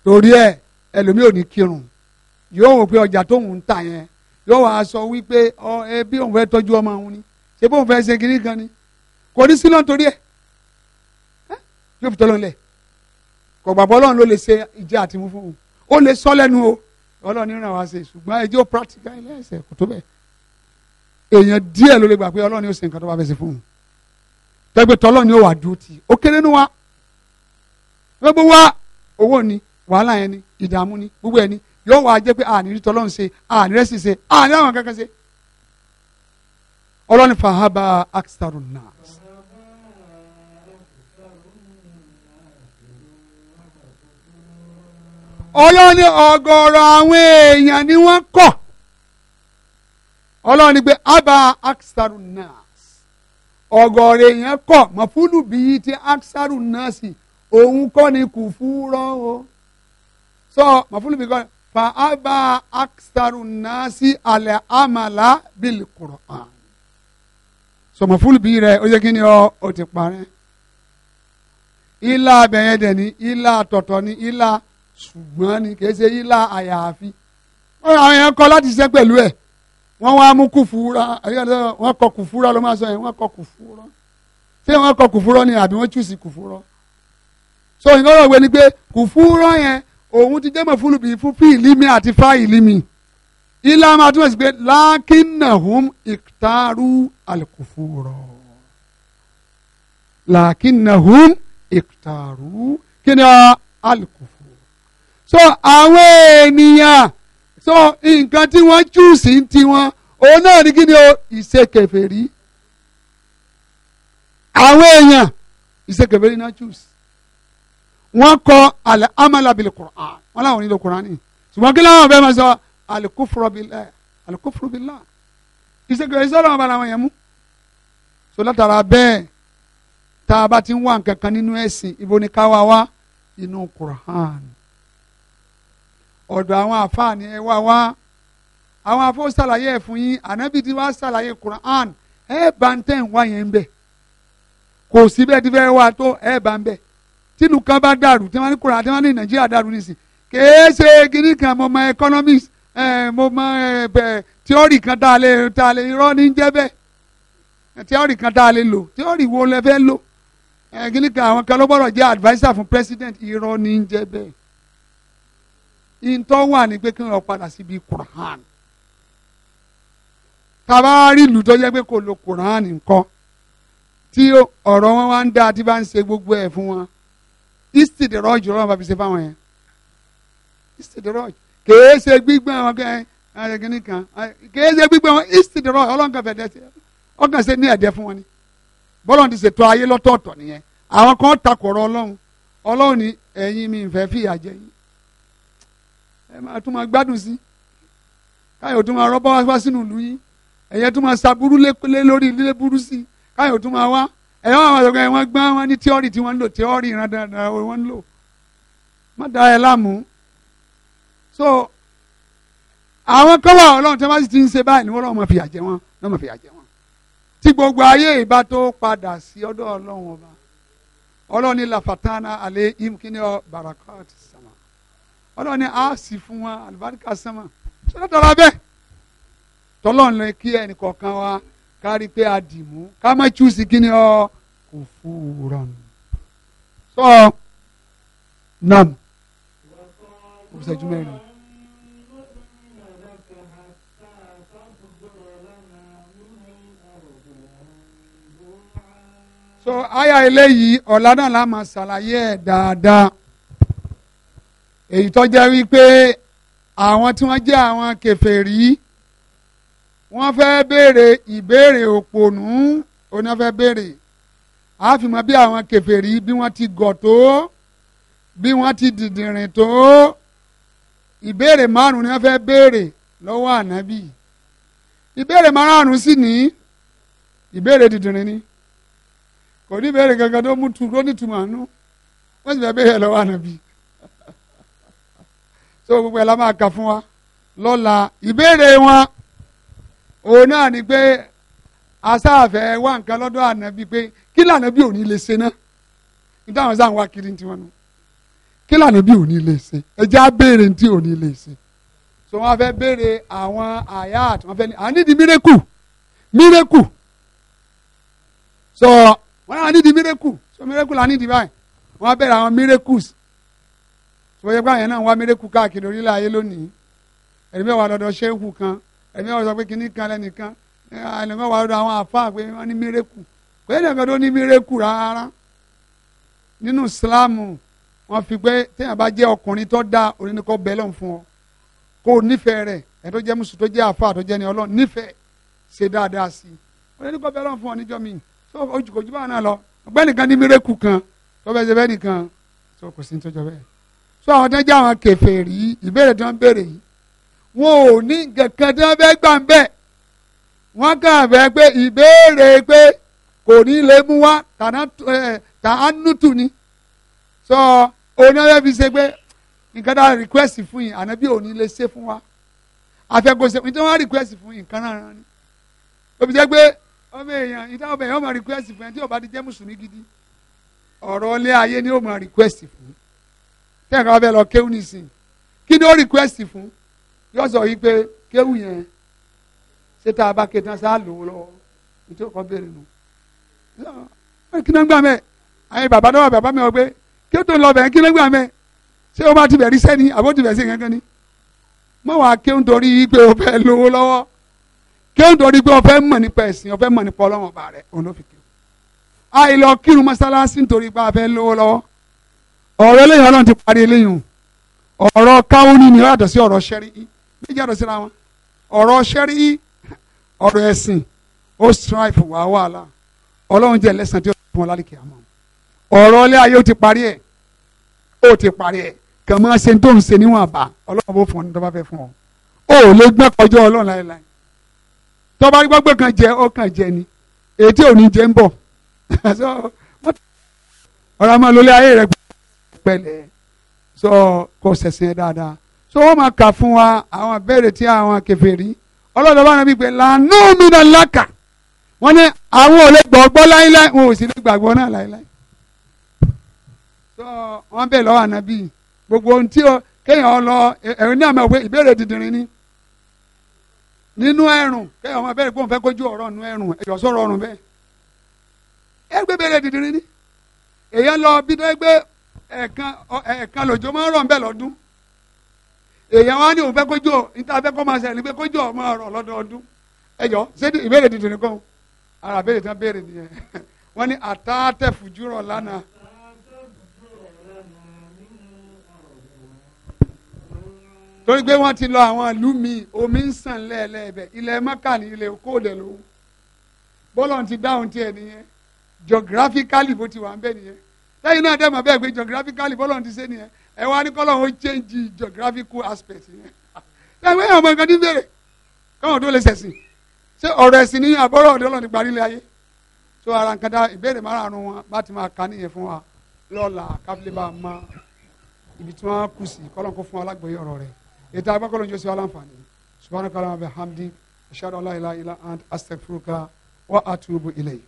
torí ẹ ẹlòmíì ò ní kírun yóò wò pé ọjà tóun ń tà yẹn yóò wá sọ wípé ọ ẹ bí òun fẹ́ tọ́jú ọmọ òun ni ṣé bóun fẹ́ ṣe kiri kan ni kò ní sílọ̀ torí ẹ̀ yóò fi tọ́ lọ́nlẹ̀ kò gbàgbọ́ ọlọ́run ló lè ṣe ìjẹ́ àti mú fún un ó lè sọ lẹ́nu o ọlọ́run ràn wá ṣe ṣùgbọ́n ẹjẹ́ ó practical ilé ẹ̀sẹ̀ kò tó bẹ́ẹ̀ èèyàn díẹ̀ ló lè gbà pé ọlọ́run yóò ṣe nǹkan tó bá fẹ́ ṣe fún un tẹ́gbẹ́ tọ́lọ́ ó wà dúró tì ó kéré nu wa gbogbo wa owó ni wàhálà yẹn ni ìdààmú ni gbogbo yẹn ni yóò wá jẹ́ pé àní rí tọ́lọ́run ṣe àní rẹ̀ ṣe àní àwọn kankan ṣe. ọlọ́ni fahaba aksaru nas. ọlọ́ni àwọn èèyàn ni wọ́n kọ̀ ọlọ́ni pé abba akisaru nas èèyàn kọ̀ mọ̀fúlù bíi ti òun kọ́ ni kò fa أكثر الناس على عمل بالقرآن. bil Qur'an sọmọfúlùbí rẹ ó yẹ kí ni ọ ó ti parẹ́ ilá abẹyẹ dẹ ni ilá tọ̀tọ̀ ni ilá ṣùgbọ́n ni kìí ṣe ilá àyàfi wọn àwọn yẹn kọ láti ṣe pẹ̀lú ẹ wọn wá mú kùfúra wọn kọ kùfúra ló máa sọ yẹn wọn kọ kùfúra ṣé wọn kọ kùfúra ni àbí wọn túùsì kùfúra so ìgbọ́dọ̀ wẹ ni pé kùfúra yẹn òun ti jẹ́ mọ̀fúlù bíi fún fíìlì mi àti fáìlì mi ilá máa túmọ̀ sí pé lákìnnàhùn ìtaarú àlùkùfù rọ̀ lákìnnàhùn ìtaarú kíni àlùkùfù. so àwọn ènìyàn so nǹkan tí wọ́n chúùsì ń tiwọn òun náà ní kíni o ìṣe kèfèrí àwọn èèyàn ìṣe kèfèrí náà chúùsì wọ́n kọ amala amalabili Qur'an wọ́n làwọn nílò Qur'an ni ṣùgbọ́n kí làwọn bẹ́ẹ̀ máa sọ alikufurobila alikufurobila ìṣègùn ìṣọ́lọ́wọ́n bá làwọn yẹn mú so látara bẹ́ẹ̀ tá a bá ti ń wá nǹkan kan nínú ẹ̀sìn ibo ni ká wá wá inú Qur'an ọ̀dọ̀ àwọn àfáà ẹ wá wá àwọn afọ́ ṣàlàyé ẹ̀ fún yín ànábì tí wàá ṣàlàyé Qur'an ẹ̀ bá ń tẹ̀ ń wá yẹn ń bẹ̀ kò síbẹ̀ tí fẹ́ wá tó ẹ̀ bá ń bẹ̀ tílù kan bá dàrú tí wọ́n ní kóra tí wọ́n ní nàìjíríà dàrú nísìn kèé ṣe gíní kan mo mọ economics mo mọ tíọ́rì kan tá a lè tá a lè irọ́ ní jẹ́ bẹ́ẹ̀ tíọ́rì kan tá a lè lò tíọ́rì wo lẹ fẹ́ lò gíní kan àwọn kan ló gbọ́dọ̀ jẹ́ adviser fún president irọ́ ní jẹ́ bẹ́ẹ̀ ìtọ́ wà ní pé kí wọ́n padà síbi Quran tàbá rí ìlú tó jẹ́ pé kò lo Quran nǹkan tí ọ̀rọ̀ wọn wá ń dá tí bá ń ṣe gbogbo ẹ̀ fún wọn istidirọ́ọ̀jù lọ́wọ́ bá fi ṣe fáwọn yẹn istidirọ́ọ̀jù kèé ṣe gbígbẹ́ wọn kẹ́ ayẹkẹ́ni kan kèé ṣe gbígbẹ́ wọn istidirọ́ọ̀jù ọlọ́nkà fẹ́ dẹ́sẹ̀ ọkàn ṣe ní ẹ̀dẹ́ fún wọn ni bọ́lọ̀ ti ṣètò ayé lọ́tọ̀ọ̀tọ̀ nìyẹn àwọn kan takọ̀rọ̀ ọlọ́run ọlọ́run ni ẹ̀yin mi ìfẹ́ fìyà jẹ yín ẹ máa tún máa gbádùn sí káyọ̀ tún máa rọ́bọ́ wá sínú ìlú yín ẹ̀yẹ tún máa ṣàbúrú lé lórí ilé burú sí káyọ̀ tún máa wá ẹ wọ́n àwọn ọ̀dọ́gbọ́n wọn gbọ́n wọn ní tíọ́rì tí wọ́n ń lò tíọ́rì ìran dáadáa wọ́n ń lò má da ẹ láàmú so àwọn kọ́wà ọlọ́run tí wọ́n sì ti ń ṣe báyìí ni wọ́n lọ́mọ fìyà jẹ wọn lọ́mọ fìyà jẹ wọn tí gbogbo ayé ìbá tó padà sí ọ̀dọ̀ ọlọ́run ọba ọlọ́run ní lafatana alẹ́ imkini barakat sama ọlọ́run ní a sì fún wọn alibarika sama sọ́dọ̀ tọ́lá bẹ́ẹ̀ tọ́lọ́run lè kí ẹnì kọ̀ọ̀kan wa ká rí i pé a dì mú ká má chúùsì kí ni ọ kò fún ràn. sọ nam òṣèjú mẹ́rin. so aya eléyìí ọ̀la náà la máa ṣàlàyé ẹ̀ dáadáa èyí tó jẹ́ wípé àwọn tí wọ́n jẹ́ àwọn kèfèrí wọ́n fẹ́ béèrè ìbéèrè òpònú oná fẹ́ béèrè àfìmọ́ bí àwọn kèfèrí bí wọ́n ti gọ̀ tó bí wọ́n ti dìdìrìn tó ìbéèrè márùn ni wọ́n fẹ́ béèrè lọ́wọ́ ànábì ìbéèrè márùn sì ní ìbéèrè dìdìrìn ni kò ní ìbéèrè kankan tó mú tu tó ní tùmọ̀ àánú wọ́n sì fẹ́ béèrè lọ́wọ́ ànábì so gbogbo ẹ̀ la máa kà fún wa lọ́la ìbéèrè wọn òun náà ni pé asáàfẹ́ wá nǹkan lọ́dọ̀ ànábì pé kí lànábì ò ní lè ṣe náà níta sáà ń wá kiri tiwọn nù kí lànábì ò ní lè ṣe ẹjẹ́ á tí ò lè ṣe so wọ́n fẹ́ béèrè àwọn àyàt wọ́n fẹ́ ní à nídìí mírẹ́kù mírẹ́kù so wọ́n náà di mireku so mireku là nídìí báyìí wọ́n bẹ̀rẹ̀ àwọn mírẹ́kùs so yẹ kó àwọn yẹn náà wá mírẹ́kù káàkiri orílẹ̀ ayé lónìí ẹ̀rí bẹ́ẹ̀ wà lọ́dọ̀ ṣéhù kan ẹ̀mí ọ̀rọ̀ sọ pé kínní kan lẹ́nìkan ẹ̀lẹ́mọ̀ wà lọ́dọ̀ àwọn àfa pé wọ́n ní mírèkù kò yẹ nìkan tó ní mírèkù rárá nínú ìsìláàmù wọ́n fi pé téèyàn bá jẹ́ ọkùnrin tó dáa oníkọ́ bẹ́ẹ̀ lọ́n fún ọ kó o nífẹ̀ẹ́ rẹ̀ ẹ̀ tó jẹ́ mùsùn tó jẹ́ àfa tó jẹ́ ni ọlọ́run nífẹ̀ẹ́ ṣe dáadáa sí i oníkọ́ bẹ́ẹ̀ lọ́n fún ọ níjọ́ mi tó ojúkojú bá náà lọ ọgbẹ́nìkan ní mírèkù kan tó bẹ́ẹ̀ ṣe bẹ́ẹ̀ nìkan tó kò sí ní tó jọ bẹ́ẹ̀. sọ àwọn tó ń jẹ́ àwọn kèfèrí ìbéèrè tó ń béèrè yìí wọn ò ní nǹkan kan tí wọ́n fẹ́ gbà ń bẹ̀ wọ́n kàn fẹ́ pé ìbéèrè pé kò ní lè mú wá tàánútù ni sọ oníyàwó fi ṣe pé nǹkan tá a request fún yìí ànábì ò ní lè ṣe fún wa àfẹkọsẹ nítorí wọn request fún yìí nǹkan náà ni òbí jẹ́ pé ọmọ èèyàn nítorí ọmọ èèyàn ọmọ request fún ẹ tí ó ti jẹ́ mùsùlùmí gidi ọ̀rọ̀ ilé ayé ni ó mọ request fún tẹ́ǹkà wọn fẹ́ lọ kéwù nísìnyí kí ni ó request fún yọ sọ yìí pé kéwù yẹn ṣé tá a bá ké tán sá lò ó lọ́wọ́ ètò ọkọ béèrè nù. kí ló ń gbà mẹ́ àyè bàbá náà bàbá mi wọ pé kí ló tó lọ bẹ̀ kí ló ń gbà mẹ́ ṣé o bá ti bẹ̀rí sẹ́ni àbó ti bẹ̀ sí kankan ni. mọ wàá ké ń torí pé o fẹ́ lówó lọ́wọ́ ké ń torí pé o fẹ́ mọ̀ nípa ẹ̀sìn o fẹ́ mọ̀ nípa ọlọ́wọ́n bá rẹ̀ òun ló fi ké o. àìlọ kírun mọ́sálásí nítorí pé a fẹ́ lówó lọ́wọ́ ọ̀rọ̀ eléyìí ọlọ́run ti parí eléyìí ọ̀rọ̀ káwọn ní ni ó yàtọ̀ sí ọ̀rọ̀ ṣẹ́rí méjì àdó síra wọn ọ̀rọ̀ sẹ́rí ọ̀rọ̀ ẹ̀sìn ó strife wà wàhálà ọlọ́run jẹ́ lẹ́sàn tí ó fún ọ lálẹ́kì àmọ́ ọ̀rọ̀ ilé ayé ó ti parí ẹ̀ ó ti parí ẹ̀ kàn máa ṣe tó ń ṣe níwọ̀n bá ọlọ́run bó fún ọ ní tó bá fẹ́ fún ọ ó lè gbẹ́ kọjá ọlọ́run láéláé tó bá gbọ́ pé kan jẹ ó kàn jẹ ni ètí òní jẹ ń bọ̀ ọ̀rọ̀ àmọ́ lólé ayé rẹ̀ pẹ̀lẹ́ sọ kó ṣẹ̀sìn ẹ̀ dáadáa so wọ́n máa kà fún wa àwọn béèrè tí àwọn kèfèrí ọlọ́dọ̀ bá nàbí pé lànà òmìnira làkà wọ́n ní àwọn ò lè gbàgbọ́ láíláí wọn ò sì lè gbàgbọ́ náà láíláí. so wọ́n bẹ̀ lọ́wọ́ ànábì gbogbo ohun tí kéèyàn lọ ẹ̀rù ní àmọ́ ìbéèrè dídìrín ni nínú ẹ̀rùn kéèyàn máa bẹ̀rẹ̀ pé òun fẹ́ kójú ọ̀rọ̀ nínú ẹ̀rùn ẹ̀yọ̀ sọ̀rọ̀ ọ̀rùn bẹ́ẹ̀ ẹ gbé bẹ̀rẹ̀ dídìrín ni èèyàn lọ bí dẹ́gbẹ́ ẹ̀ẹ̀kan lòjò máa ń rọ̀ ń bẹ̀ lọ́dún èèyàn wa ni òun fẹ́ kójú ọ níta fẹ́ kọ́ máa ṣẹlẹ̀ pé kójú ọ máa rọ̀ lọ́dọọdún ẹjọ́ ṣé ìbéèrè tuntun nìkan ara béèrè tán béèrè nìyẹn wọ́n ní àtàtẹ̀ fùjúrọ̀ lánàá. torí pé wọ́n ti lọ àwọn ìlú mi omi ń sàn lẹ́ẹ̀lẹ́ẹ̀bẹ̀ ilẹ̀ mọ́kà ní ilẹ̀ okòòdè lòun bọ́lọ̀ ti dáhùn tiẹ̀ nìyẹn geographically bó ti wà ń bẹ̀ nìyẹn lẹ́yìn náà dẹ́mọ̀ bẹ́ẹ̀ pé geographically bọ́lọ̀ ti ṣe nìyẹn ẹ wá ní kọ́lọ́ wọn change geographical aspect yẹn ẹgbẹ́ yẹn ọmọ nǹkan ní bèrè káwọn tó lè ṣẹ̀sìn ṣé ọ̀rọ̀ ẹ̀sìn ní àbọ̀rọ̀ ọ̀dọ́ lọ́ni parí ilé ayé tó ara nǹkan dá ìbéèrè márààrún wọn bá ti máa ka níyẹn fún wa lọ́la káfílẹ̀ bá a mọ ibi tí wọ́n kù sí kọ́lọ́ kó fún wa lágbóyè ọ̀rọ̀ rẹ̀ ètò agbákọ́lọ́ ní jọ́sí aláǹfààní subhanaka allahumma wa bihamdik ashhadu an la ilaha illa ant astaghfiruka wa atubu ilayk